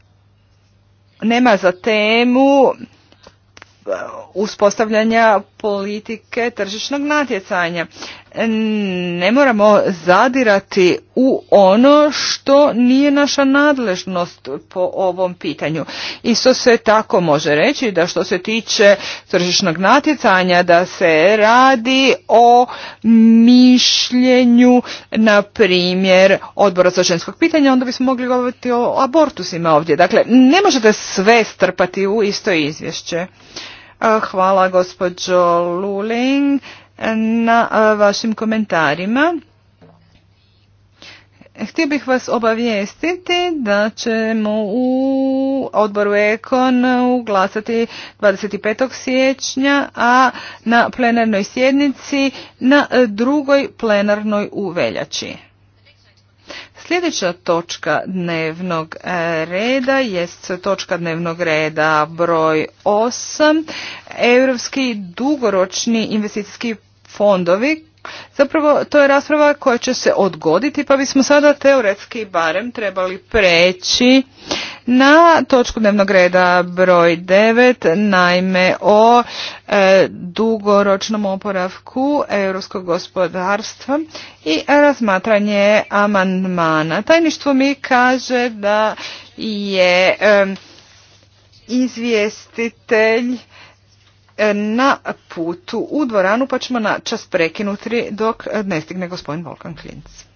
nema za temu e, uspostavljanja politike tržišnog natjecanja ne moramo zadirati u ono što nije naša nadležnost po ovom pitanju. Isto se tako može reći da što se tiče tržišnog natjecanja da se radi o mišljenju na primjer odbora za ženskog pitanja onda bismo mogli govoriti o abortusima ovdje. Dakle, ne možete sve strpati u isto izvješće. Hvala gospođo Luling na vašim komentarima. Htio bih vas obavijestiti da ćemo u odboru Ekon glasati 25. siječnja, a na plenarnoj sjednici na drugoj plenarnoj u veljači. Sljedeća točka dnevnog e, reda jest točka dnevnog reda broj 8, Europski dugoročni investicijski fondovi, zapravo to je rasprava koja će se odgoditi pa bismo sada teoretski barem trebali preći na točku dnevnog reda broj 9, naime o e, dugoročnom oporavku europskog gospodarstva i razmatranje amandmana. Tajništvo mi kaže da je e, izvjestitelj na putu u dvoranu pa ćemo na čas prekinuti dok ne stigne gospodin Volkan Klinc.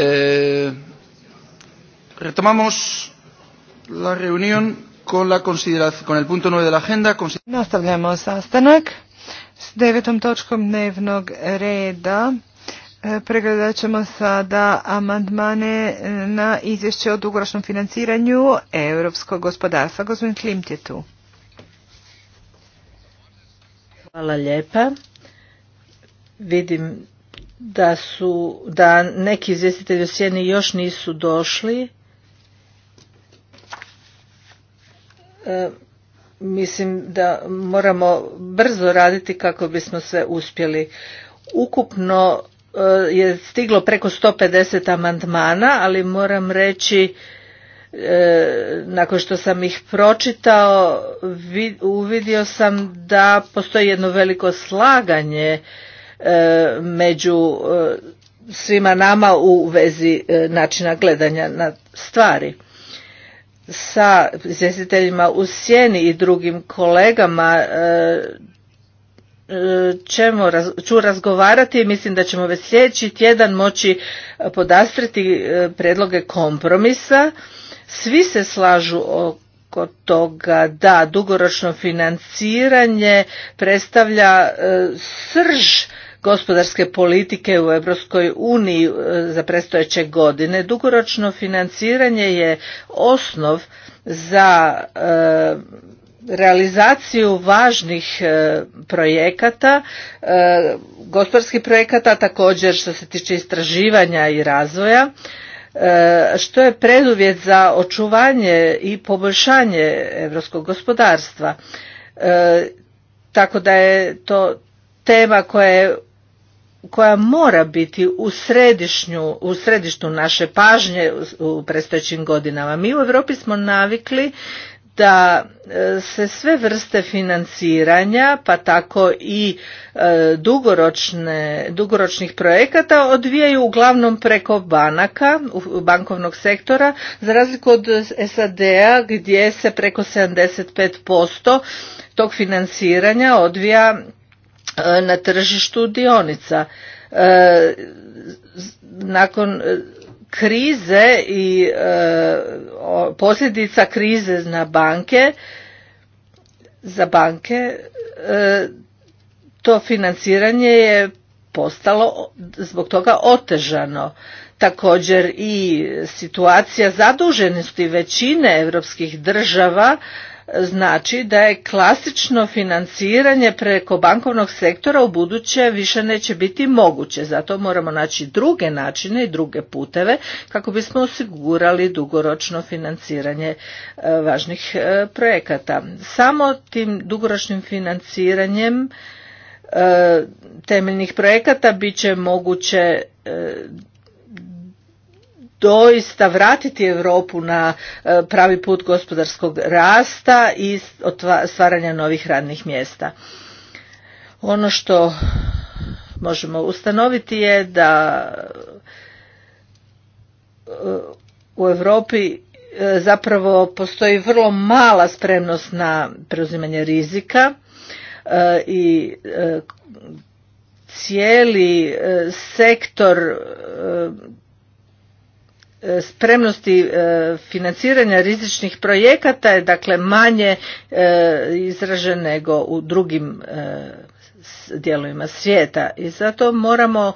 Eh, retomamos la reunión con, la con el punto 9 de la agenda. Nastavljamo sastanak s devetom točkom dnevnog reda. Eh, pregledat ćemo sada amandmane eh, na izvješće o dugoročnom financiranju europskog gospodarstva. Gospodin Klimt je tu. Hvala lijepa. Vidim da su da neki izvjestitelji u sjeni još nisu došli e, mislim da moramo brzo raditi kako bismo sve uspjeli ukupno e, je stiglo preko 150 amandmana ali moram reći e, nakon što sam ih pročitao uvidio sam da postoji jedno veliko slaganje E, među e, svima nama u vezi e, načina gledanja na stvari sa izvjestiteljima u sjeni i drugim kolegama ćemo, ću razgovarati i mislim da ćemo već sljedeći tjedan moći podastriti predloge kompromisa. Svi se slažu oko toga da dugoročno financiranje predstavlja srž gospodarske politike u Europskoj uniji e, za predstojeće godine. Dugoročno financiranje je osnov za e, realizaciju važnih e, projekata, gospodarskih projekata također što se tiče istraživanja i razvoja, što je preduvjet za očuvanje i poboljšanje europskog gospodarstva. Tako da je to tema koja je koja mora biti u, središnju, u središtu naše pažnje u predstojećim godinama. Mi u Europi smo navikli da e, se sve vrste financiranja, pa tako i e, dugoročnih projekata odvijaju uglavnom preko banaka, bankovnog sektora, za razliku od SAD-a gdje se preko 75% tog financiranja odvija E, na tržištu dionica. E, nakon e, krize i posljedica krize na banke, za banke to financiranje je postalo zbog toga otežano. Također i situacija zaduženosti većine europskih država znači da je klasično financiranje preko bankovnog sektora u buduće više neće biti moguće. Zato moramo naći druge načine i druge puteve kako bismo osigurali dugoročno financiranje e, važnih e, projekata. Samo tim dugoročnim financiranjem e, temeljnih projekata bit će moguće doista vratiti Europu na e, pravi put gospodarskog rasta i stvaranja novih radnih mjesta. Ono što možemo ustanoviti je da e, u Europi e, zapravo postoji vrlo mala spremnost na preuzimanje rizika i cijeli sektor E, spremnosti e, financiranja rizičnih projekata je dakle manje e, izražen nego u drugim dijelovima svijeta i zato moramo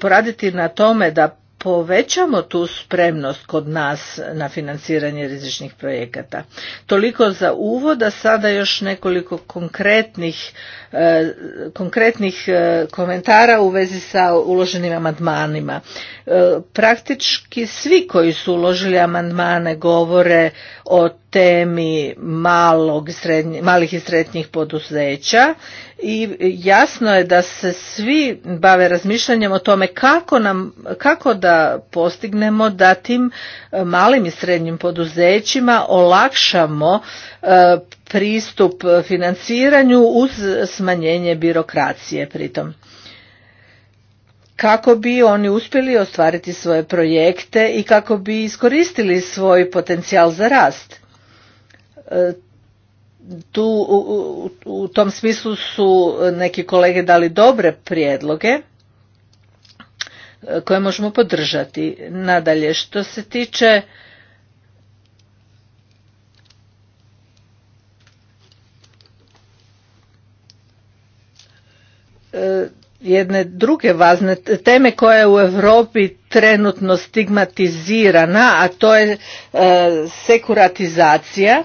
poraditi na tome da povećamo tu spremnost kod nas na financiranje rizičnih projekata. Toliko za uvod, a sada još nekoliko konkretnih, e, konkretnih e, komentara u vezi sa uloženim amandmanima. E, praktički svi koji su uložili amandmane govore o temi malog, malih i srednjih poduzeća i jasno je da se svi bave razmišljanjem o tome kako, nam, kako da postignemo da tim e, malim i srednjim poduzećima olakšamo e, pristup financiranju uz smanjenje birokracije pritom kako bi oni uspjeli ostvariti svoje projekte i kako bi iskoristili svoj potencijal za rast e, tu, u, u tom smislu su neki kolege dali dobre prijedloge e, koje možemo podržati. Nadalje, što se tiče e, jedne druge važne teme koja je u Europi trenutno stigmatizirana, a to je e, sekuratizacija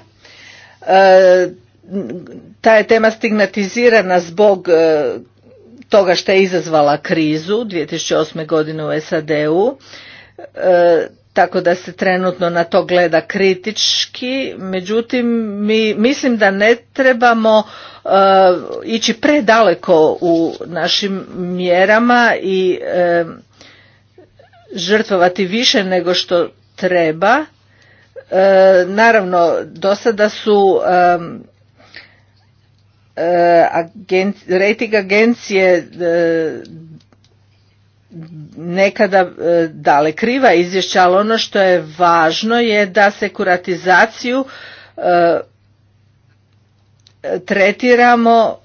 E, ta je tema stigmatizirana zbog e, toga što je izazvala krizu 2008. godine u SAD-u e, tako da se trenutno na to gleda kritički međutim mi mislim da ne trebamo ići predaleko u našim mjerama i žrtvovati više nego što treba E, naravno, do sada su e, rating agencije e, nekada dale kriva izvješća, ali ono što je važno je da sekuratizaciju tretiramo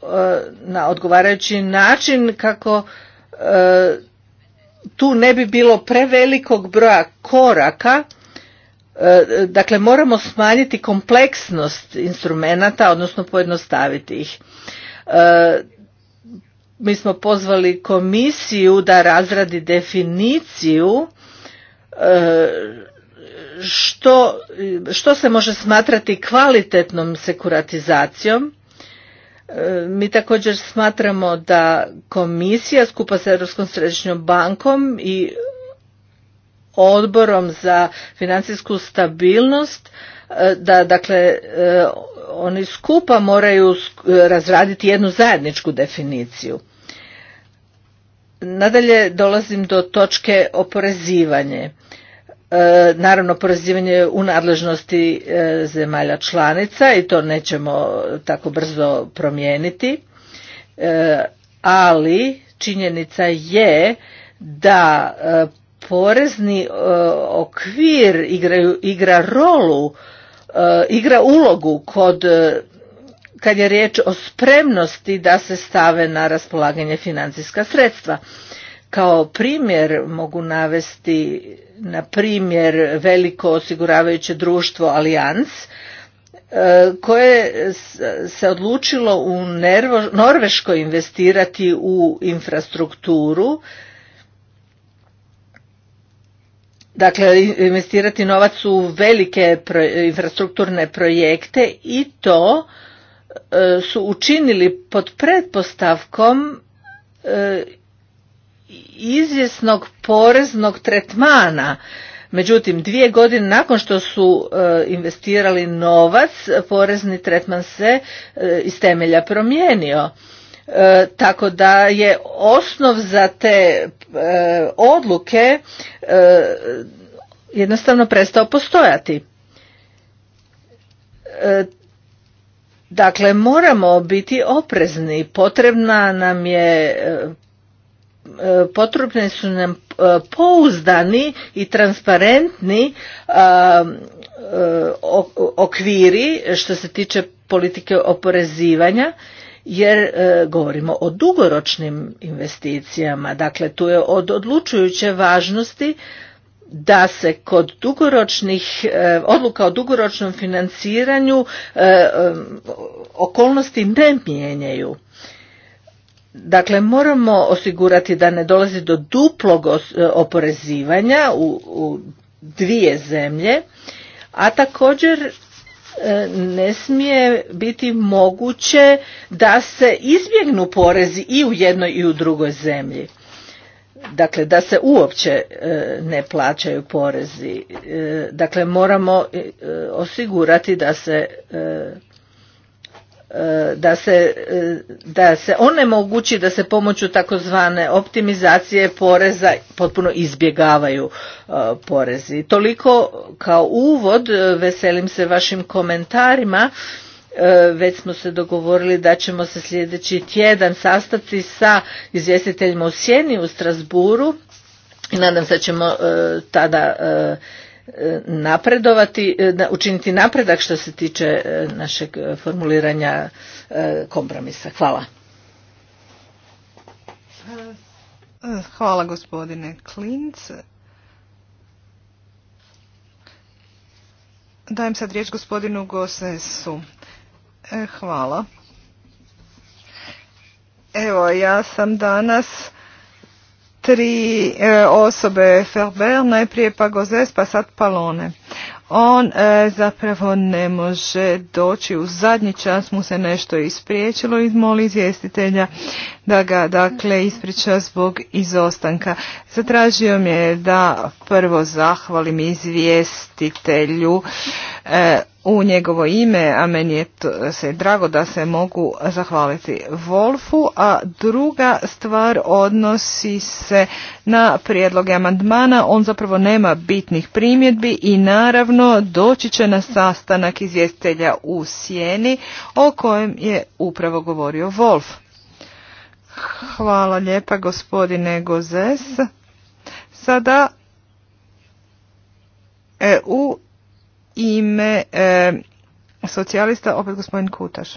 na odgovarajući način kako tu ne bi bilo prevelikog broja koraka E, dakle, moramo smanjiti kompleksnost instrumenata, odnosno pojednostaviti ih. E, mi smo pozvali komisiju da razradi definiciju e, što, što se može smatrati kvalitetnom sekuratizacijom. Mi također smatramo da komisija skupa sa Europskom središnjom bankom i odborom za financijsku stabilnost e, da dakle e, oni skupa moraju razraditi jednu zajedničku definiciju. Nadalje dolazim do točke oporezivanje. E, naravno, oporezivanje je u nadležnosti zemalja članica i to nećemo tako brzo promijeniti, ali činjenica je da porezni e, okvir igra, igra rolu, e, igra ulogu kod e, kad je riječ o spremnosti da se stave na raspolaganje financijska sredstva. Kao primjer mogu navesti na primjer veliko osiguravajuće društvo Allianz koje se odlučilo u Norveškoj investirati u infrastrukturu dakle investirati novac u velike infrastrukturne projekte i to e, su učinili pod pretpostavkom e, izvjesnog poreznog tretmana međutim dvije godine nakon što su e, investirali novac porezni tretman se iz temelja promijenio E, tako da je osnov za te e, odluke e, jednostavno prestao postojati. Dakle, moramo biti oprezni. Potrebna nam je potrebni su nam pouzdani i transparentni okviri što se tiče politike oporezivanja jer e, govorimo o dugoročnim investicijama dakle tu je od odlučujuće važnosti da se kod dugoročnih e, odluka o dugoročnom financiranju e, okolnosti ne mijenjaju Dakle, moramo osigurati da ne dolazi do duplog oporezivanja u, u dvije zemlje, a također E, ne smije biti moguće da se izbjegnu porezi i u jednoj i u drugoj zemlji. Dakle, da se uopće e, ne plaćaju porezi. E, dakle, moramo osigurati da se E, da se, e, da se onemogući da se pomoću takozvane optimizacije poreza potpuno izbjegavaju e, porezi. Toliko kao uvod, veselim se vašim komentarima. Već smo se dogovorili da ćemo se sljedeći tjedan sastati sa izvjestiteljima u Sjeni u Strasburu. Nadam se da ćemo tada napredovati, e, učiniti napredak što se tiče e, našeg e, formuliranja kompromisa. Hvala. Hvala gospodine Klinc. Dajem sad riječ gospodinu Gosesu. Hvala. Evo, ja sam danas tri e, osobe Ferber, najprije pa Gozes, pa sad Palone. On e, zapravo ne može doći u zadnji čas, mu se nešto ispriječilo iz moli izvjestitelja da ga dakle ispriča zbog izostanka. Zatražio mi je da prvo zahvalim izvjestitelju e, u njegovo ime, a meni je to, se drago da se mogu zahvaliti Wolfu, a druga stvar odnosi se na prijedloge amandmana, on zapravo nema bitnih primjedbi i naravno doći će na sastanak izvjestitelja u Sjeni o kojem je upravo govorio Wolf. Hvala lijepa gospodine Gozes. Sada e, u ime e, socijalista, opet gospodin Kutaš.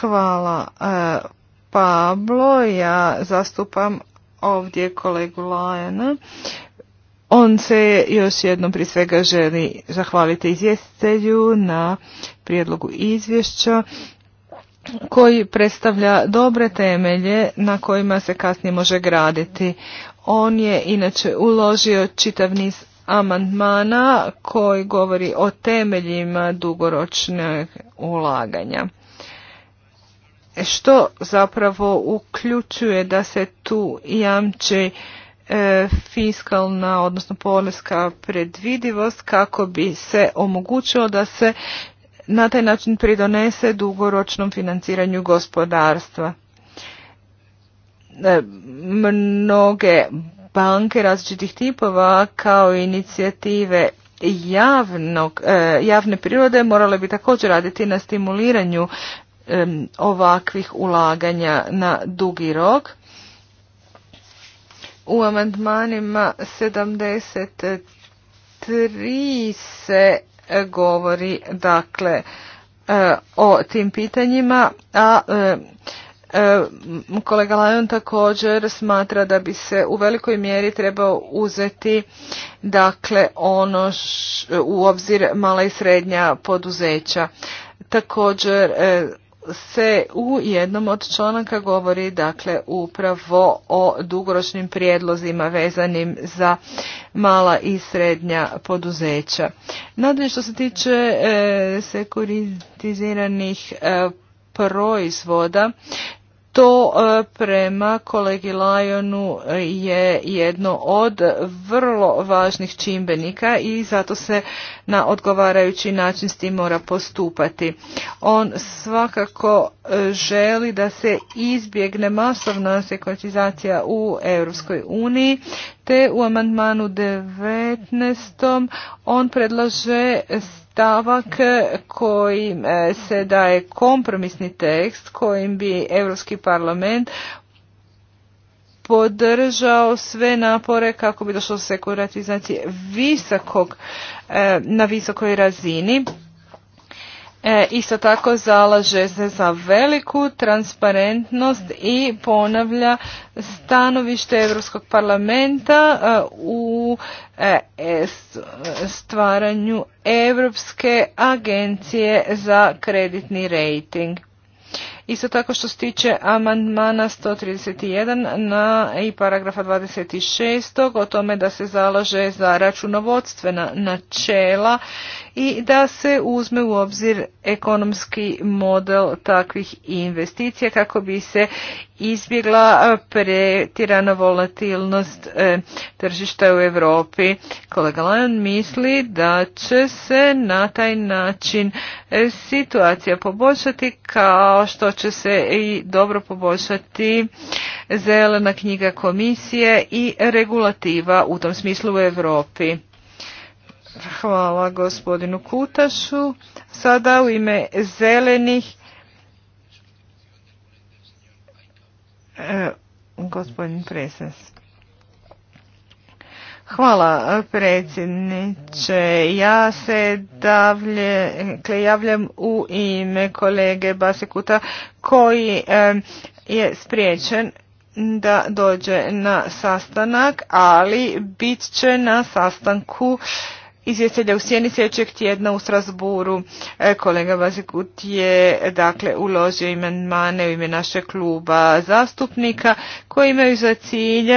Hvala e, Pablo, ja zastupam ovdje kolegu Lajana. On se još jednom prije svega želi zahvaliti izvjestitelju na prijedlogu izvješća koji predstavlja dobre temelje na kojima se kasnije može graditi. On je inače uložio čitav niz amandmana koji govori o temeljima dugoročnog ulaganja. E, što zapravo uključuje da se tu jamči e, fiskalna, odnosno poleska predvidivost kako bi se omogućilo da se na taj način pridonese dugoročnom financiranju gospodarstva. E, mnoge banke različitih tipova kao inicijative javnog, e, javne prirode morale bi također raditi na stimuliranju ovakvih ulaganja na dugi rok. U amandmanima 73 se govori dakle e, o tim pitanjima, a e, E, kolega Lajon također smatra da bi se u velikoj mjeri trebao uzeti dakle ono u obzir mala i srednja poduzeća. Također e, se u jednom od članaka govori dakle upravo o dugoročnim prijedlozima vezanim za mala i srednja poduzeća. Nadalje što se tiče e, sekuritiziranih proizvoda to e, prema kolegi Lajonu je jedno od vrlo važnih čimbenika i zato se na odgovarajući način s tim mora postupati. On svakako e, želi da se izbjegne masovna sekuritizacija u Europskoj uniji, te u amandmanu 19. on predlaže stavak kojim e, se daje kompromisni tekst kojim bi Europski parlament podržao sve napore kako bi došlo do sekuratizacije visokog, e, na visokoj razini E, isto tako zalaže se za veliku transparentnost i ponavlja stanovište Europskog parlamenta e, u e, stvaranju Europske agencije za kreditni rejting. Isto tako što se tiče amandmana 131 na i paragrafa 26. o tome da se zalaže za računovodstvena načela i da se uzme u obzir ekonomski model takvih investicija kako bi se izbjegla pretirana volatilnost e, tržišta u Europi. Kolega Lan misli da će se na taj način e, situacija poboljšati kao što će se i dobro poboljšati zelena knjiga komisije i regulativa u tom smislu u Europi. Hvala gospodinu Kutašu. Sada u ime zelenih e, gospodin Presens. Hvala predsjedniče. Ja se javljam u ime kolege Basekuta koji e, je spriječen da dođe na sastanak, ali bit će na sastanku izvjestelja u sjeni sljedećeg tjedna u Strasburu. E, kolega Vazikut je dakle uložio imenmane u ime našeg kluba zastupnika koji imaju za cilj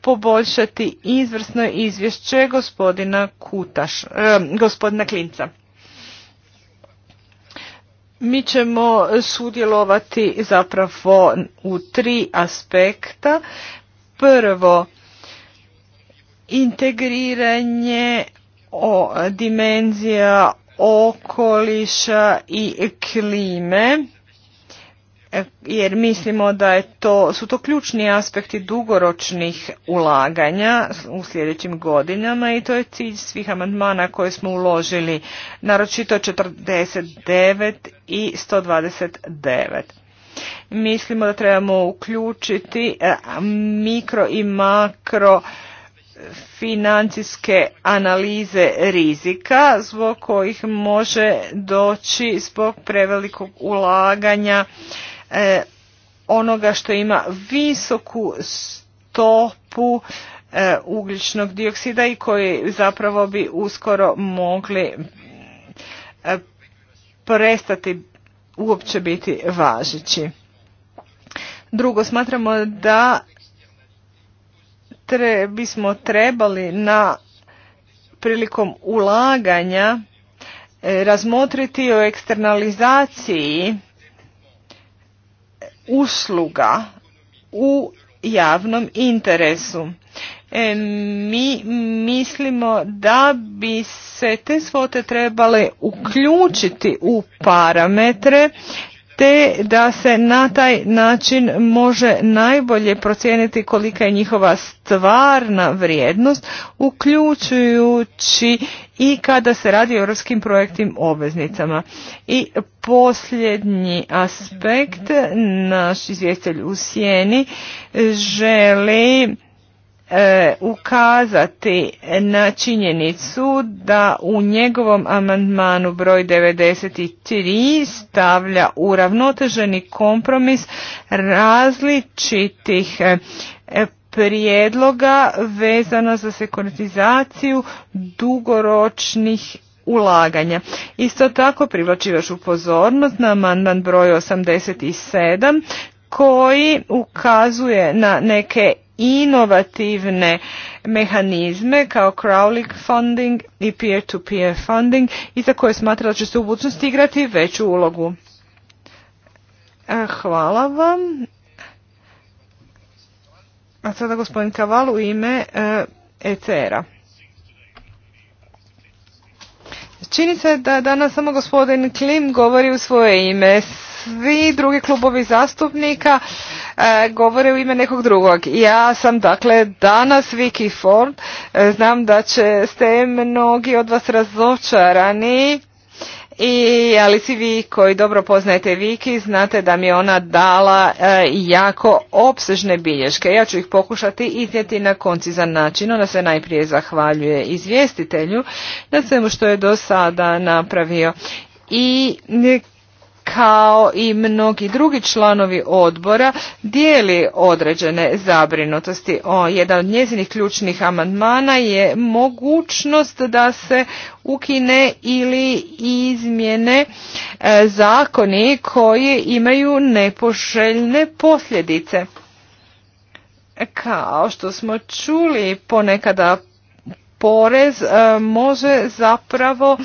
poboljšati izvrsno izvješće gospodina Kutaš, e, gospodina Klinca. Mi ćemo sudjelovati zapravo u tri aspekta. Prvo, integriranje o dimenzija okoliša i klime jer mislimo da je to, su to ključni aspekti dugoročnih ulaganja u sljedećim godinama i to je cilj svih amandmana koje smo uložili, naročito 49 i 129. Mislimo da trebamo uključiti eh, mikro i makro financijske analize rizika zbog kojih može doći zbog prevelikog ulaganja e, onoga što ima visoku stopu e, ugljičnog dioksida i koji zapravo bi uskoro mogli e, prestati uopće biti važeći. Drugo, smatramo da tre, bismo trebali na prilikom ulaganja e, razmotriti o eksternalizaciji e, usluga u javnom interesu. E, mi mislimo da bi se te svote trebale uključiti u parametre te da se na taj način može najbolje procijeniti kolika je njihova stvarna vrijednost, uključujući i kada se radi o europskim projektim obveznicama. I posljednji aspekt, naš izvjestelj u Sjeni želi E, ukazati na činjenicu da u njegovom amandmanu broj 93 stavlja uravnoteženi kompromis različitih e, prijedloga vezano za sekuritizaciju dugoročnih ulaganja. Isto tako privlači upozornost pozornost na amandman broj 87 koji ukazuje na neke inovativne mehanizme kao crowdfunding funding i peer-to-peer funding i za koje smatra da će se u budućnosti igrati veću ulogu. Hvala vam. A sada gospodin Kaval u ime e, ECR-a. Čini se da danas samo gospodin Klim govori u svoje ime svi drugi klubovi zastupnika e, govore u ime nekog drugog. Ja sam dakle danas Vicky Ford, e, znam da će ste mnogi od vas razočarani. I, ali svi vi koji dobro poznajete Viki znate da mi je ona dala e, jako opsežne bilješke. Ja ću ih pokušati iznijeti na koncizan način. Ona se najprije zahvaljuje izvjestitelju na svemu što je do sada napravio i kao i mnogi drugi članovi odbora dijeli određene zabrinutosti. O, jedan od njezinih ključnih amandmana je mogućnost da se ukine ili izmjene e, zakoni koji imaju nepoželjne posljedice. Kao što smo čuli ponekada porez e, može zapravo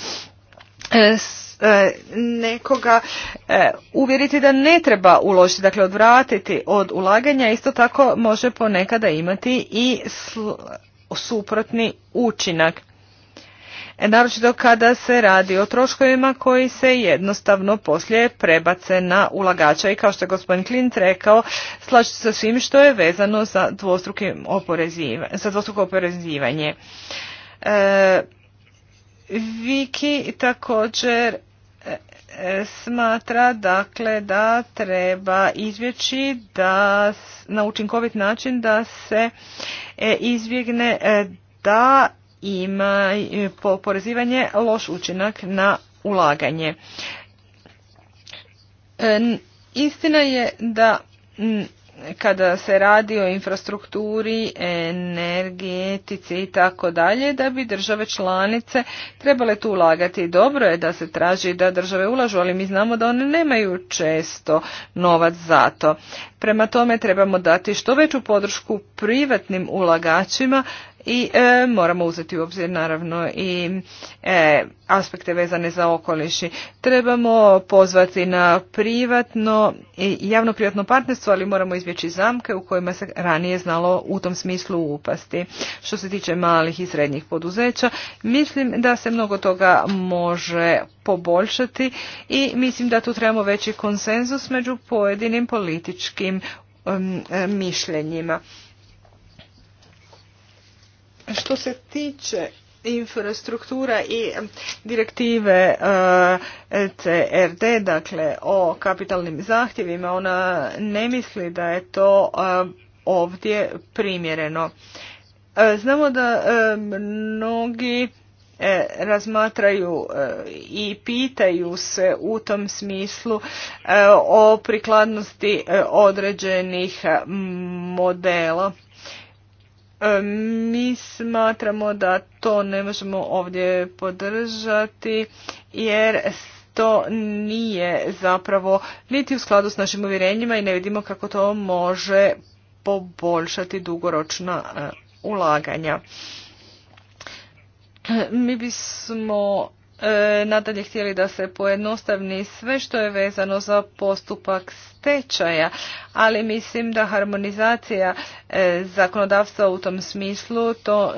e, E, nekoga e, uvjeriti da ne treba uložiti, dakle odvratiti od ulaganja, isto tako može ponekada imati i suprotni učinak. E, naročito kada se radi o troškovima koji se jednostavno poslije prebace na ulagača i kao što je gospodin Klint rekao, slažu se sa svim što je vezano za, dvostrukim za dvostruko oporezivanje. Viki također smatra dakle da treba izvjeći da na učinkovit način da se e, izbjegne e, da ima e, porezivanje loš učinak na ulaganje. Istina je da kada se radi o infrastrukturi, energetici i tako dalje, da bi države članice trebale tu ulagati. Dobro je da se traži da države ulažu, ali mi znamo da one nemaju često novac za to. Prema tome trebamo dati što veću podršku privatnim ulagačima i e, moramo uzeti u obzir naravno i e, aspekte vezane za okoliši. Trebamo pozvati na privatno i javno-privatno partnerstvo, ali moramo izbjeći zamke u kojima se ranije znalo u tom smislu upasti. Što se tiče malih i srednjih poduzeća, mislim da se mnogo toga može poboljšati i mislim da tu trebamo veći konsenzus među pojedinim političkim mišljenjima. Što se tiče infrastruktura i direktive e, CRD, dakle o kapitalnim zahtjevima, ona ne misli da je to e, ovdje primjereno. E, znamo da mnogi razmatraju i pitaju se u tom smislu o prikladnosti određenih modela E, mi smatramo da to ne možemo ovdje podržati jer to nije zapravo niti u skladu s našim uvjerenjima i ne vidimo kako to može poboljšati dugoročna e, ulaganja. E, mi bismo E, nadalje htjeli da se pojednostavni sve što je vezano za postupak stečaja, ali mislim da harmonizacija e, zakonodavstva u tom smislu to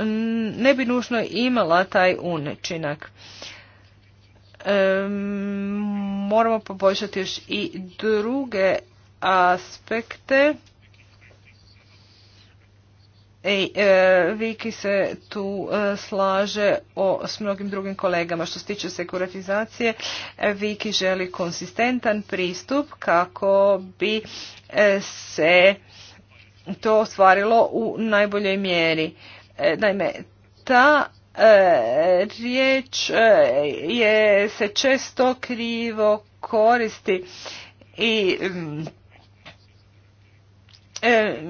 ne bi nužno imala taj unečinak. E, moramo poboljšati još i druge aspekte Ej, e, Viki se tu e, slaže o, s mnogim drugim kolegama što se tiče sekuratizacije. E, Viki želi konsistentan pristup kako bi se to ostvarilo u najboljoj mjeri. Naime, ta riječ je se često krivo koristi i E,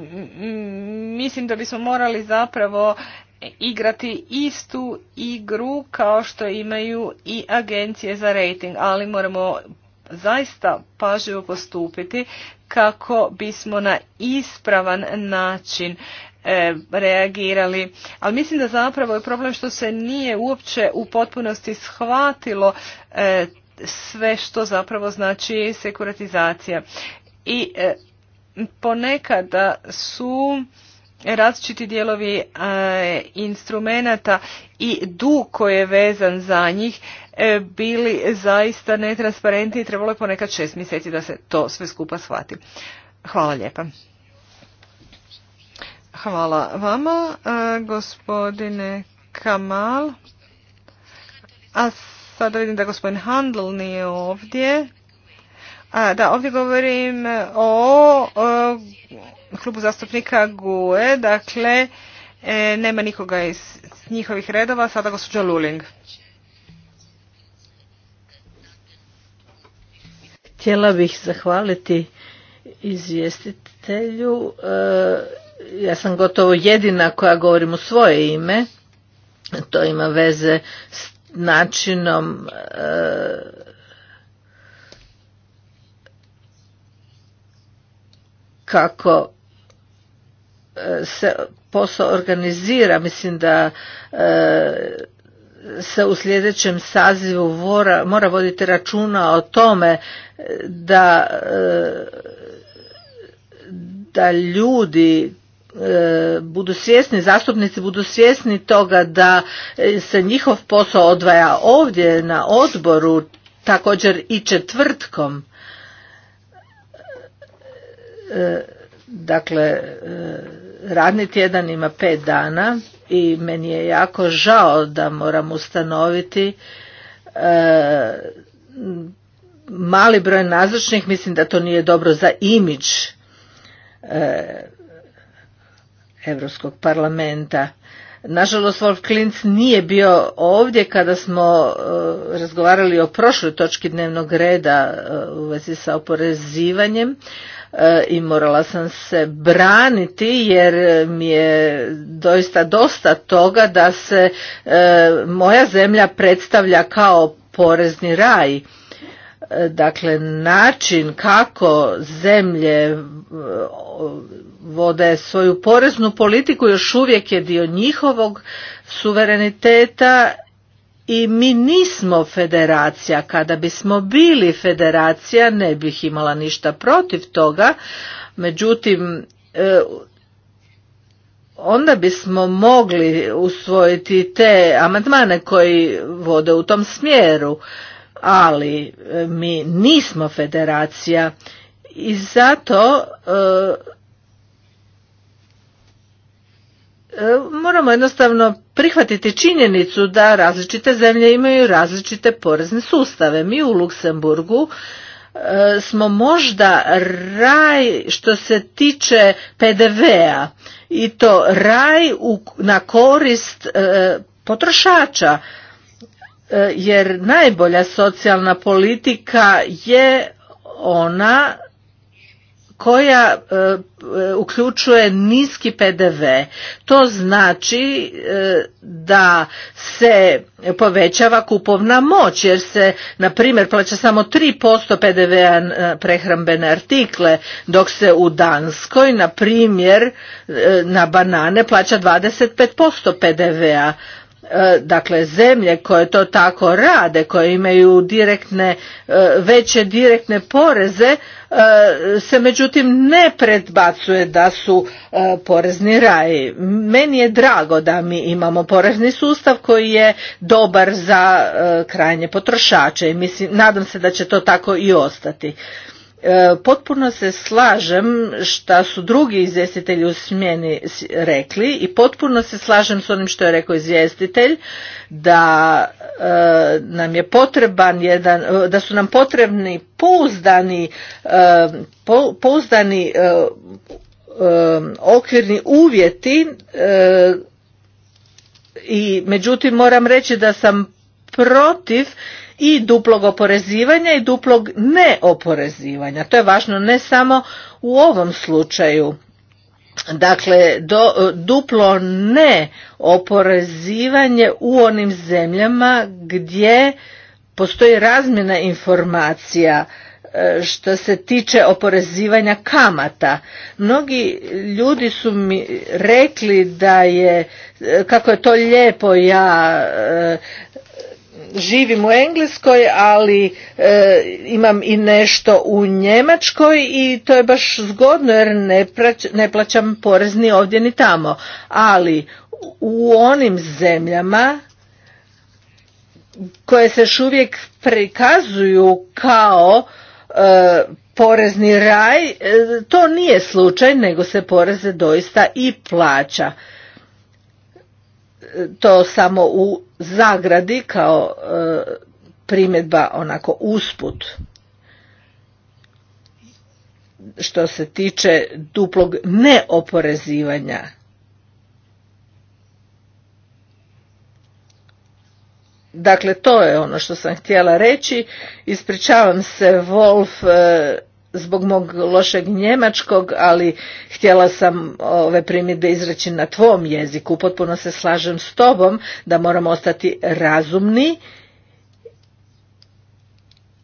mislim da bismo morali zapravo igrati istu igru kao što imaju i agencije za rating, ali moramo zaista pažljivo postupiti kako bismo na ispravan način e, reagirali. Ali mislim da zapravo je problem što se nije uopće u potpunosti shvatilo e, sve što zapravo znači sekuratizacija. I ponekada su različiti dijelovi e, instrumenata i dug koji je vezan za njih e, bili zaista netransparentni i trebalo je ponekad šest mjeseci da se to sve skupa shvati. Hvala lijepa. Hvala vama, e, gospodine Kamal. A sada vidim da gospodin Handel nije ovdje. A, da, ovdje govorim o, klubu zastupnika GUE, dakle, e, nema nikoga iz njihovih redova, sada gospođa Luling. Htjela bih zahvaliti izvjestitelju. E, ja sam gotovo jedina koja govorim u svoje ime. To ima veze s načinom e, kako e, se posao organizira. Mislim da e, se u sljedećem sazivu mora, voditi računa o tome e, da, da ljudi budu svjesni, zastupnici budu svjesni toga da se njihov posao odvaja ovdje na odboru također i četvrtkom dakle e, radni tjedan ima pet dana i meni je jako žao da moram ustanoviti e, mali broj nazočnih mislim da to nije dobro za imidž Europskog parlamenta. Nažalost, Wolf Klintz nije bio ovdje kada smo e, razgovarali o prošloj točki dnevnog reda u vezi sa oporezivanjem, E, i morala sam se braniti jer mi je doista dosta toga da se e, moja zemlja predstavlja kao porezni raj e, dakle način kako zemlje vode svoju poreznu politiku još uvijek je dio njihovog suvereniteta i mi nismo federacija kada bismo bili federacija ne bih imala ništa protiv toga međutim e, onda bismo mogli usvojiti te amandmane koji vode u tom smjeru ali e, mi nismo federacija i zato e, E, moramo jednostavno prihvatiti činjenicu da različite zemlje imaju različite porezne sustave. Mi u Luksemburgu e, smo možda raj što se tiče PDV-a i to raj na korist e, potrošača jer najbolja socijalna politika je ona koja e, e, uključuje niski PDV. To znači e, da se povećava kupovna moć jer se na primjer plaća samo 3% PDV-a na prehrambene artikle dok se u Danskoj na primjer na banane plaća 25% PDV-a dakle zemlje koje to tako rade, koje imaju direktne, veće direktne poreze, E, se međutim ne predbacuje da su e, porezni raj. Meni je drago da mi imamo porezni sustav koji je dobar za e, krajnje potrošače i mislim, nadam se da će to tako i ostati. E, potpuno se slažem šta su drugi izvjestitelji u smjeni rekli i potpuno se slažem s onim što je rekao izvjestitelj da e, nam je potreban jedan, e, da su nam potrebni pouzdani, pouzdani okvirni uvjeti i međutim moram reći da sam protiv i duplog oporezivanja i duplog neoporezivanja. To je važno ne samo u ovom slučaju. Dakle, duplo ne oporezivanje u onim zemljama gdje postoji razmjena informacija e, što se tiče oporezivanja kamata. Mnogi ljudi su mi rekli da je, e, kako je to lijepo ja e, živim u Engleskoj, ali e, imam i nešto u Njemačkoj i to je baš zgodno jer ne, plaćam porez ni ovdje ni tamo. Ali u onim zemljama koje se još uvijek prikazuju kao e, porezni raj, e, to nije slučaj, nego se poreze doista i plaća. To samo u zagradi kao e, primjedba onako usput što se tiče duplog neoporezivanja Dakle, to je ono što sam htjela reći. Ispričavam se, Wolf, e, zbog mog lošeg njemačkog, ali htjela sam ove primjedbe izreći na tvom jeziku. Potpuno se slažem s tobom da moramo ostati razumni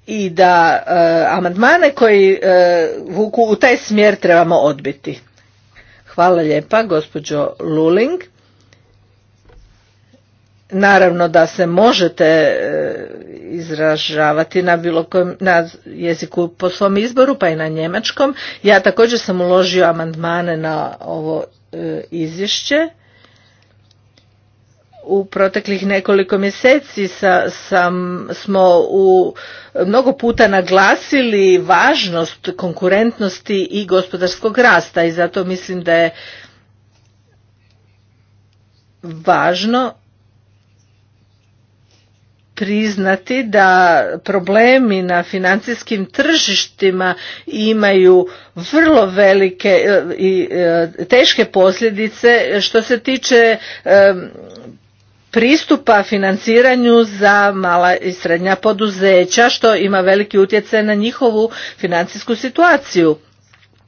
i da e, amandmane koji vuku e, u taj smjer trebamo odbiti. Hvala lijepa, gospođo Luling. Naravno da se možete e, izražavati na bilo kojem na jeziku po svom izboru pa i na njemačkom. Ja također sam uložio amandmane na ovo e, izvješće. U proteklih nekoliko mjeseci sa, sam, smo u mnogo puta naglasili važnost konkurentnosti i gospodarskog rasta i zato mislim da je važno priznati da problemi na financijskim tržištima imaju vrlo velike e, i e, teške posljedice što se tiče e, pristupa financiranju za mala i srednja poduzeća što ima veliki utjecaj na njihovu financijsku situaciju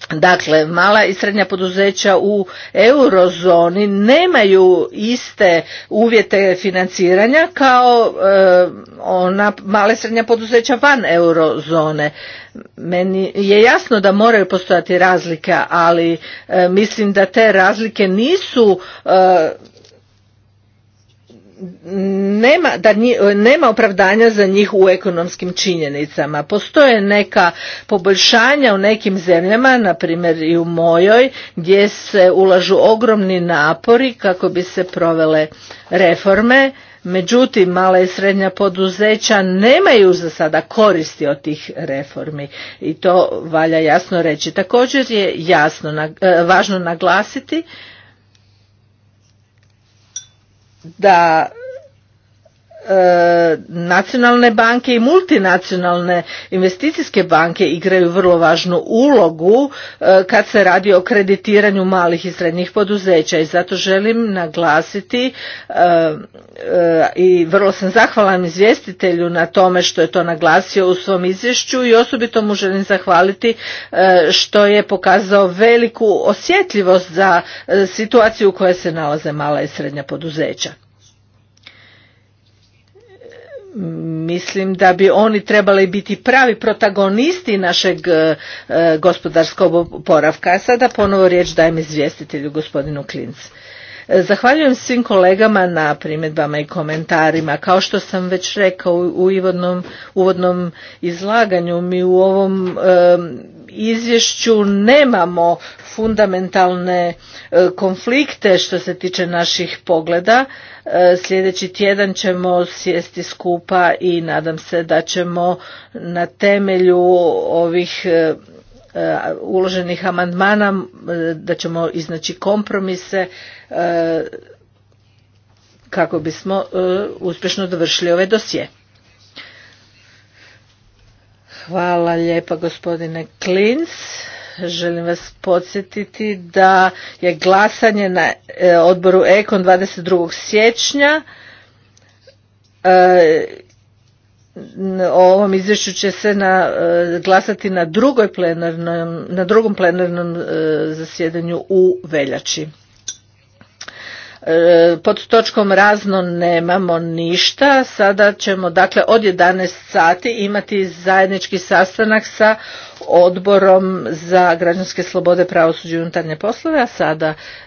Dakle, mala i srednja poduzeća u eurozoni nemaju iste uvjete financiranja kao e, ona mala i srednja poduzeća van eurozone. Meni je jasno da moraju postojati razlike, ali e, mislim da te razlike nisu e, nema, da nema opravdanja za njih u ekonomskim činjenicama. Postoje neka poboljšanja u nekim zemljama, na primjer i u mojoj, gdje se ulažu ogromni napori kako bi se provele reforme, međutim mala i srednja poduzeća nemaju za sada koristi od tih reformi i to valja jasno reći. Također je jasno, eh, važno naglasiti da E, nacionalne banke i multinacionalne investicijske banke igraju vrlo važnu ulogu e, kad se radi o kreditiranju malih i srednjih poduzeća i zato želim naglasiti e, i vrlo sam zahvalan izvjestitelju na tome što je to naglasio u svom izvješću i osobito mu želim zahvaliti što je pokazao veliku osjetljivost za situaciju u kojoj se nalaze mala i srednja poduzeća mislim da bi oni trebali biti pravi protagonisti našeg e, gospodarskog oporavka. A sada ponovo riječ dajem izvjestitelju gospodinu Klinc. E, zahvaljujem svim kolegama na primjedbama i komentarima. Kao što sam već rekao u uvodnom, izlaganju, mi u ovom e, izvješću nemamo fundamentalne e, konflikte što se tiče naših pogleda. E, sljedeći tjedan ćemo sjesti skupa i nadam se da ćemo na temelju ovih e, uloženih amandmana da ćemo iznaći kompromise kako bismo uspješno dovršili ove dosje. Hvala lijepa gospodine Klins želim vas podsjetiti da je glasanje na e, odboru Ekon 22. siječnja e, o ovom izvješću će se na, e, glasati na, drugoj na drugom plenarnom zasjedanju u veljači. E, pod točkom razno nemamo ništa. Sada ćemo dakle od 11 sati imati zajednički sastanak sa odborom za građanske slobode, pravosuđe i unutarnje poslove, a sada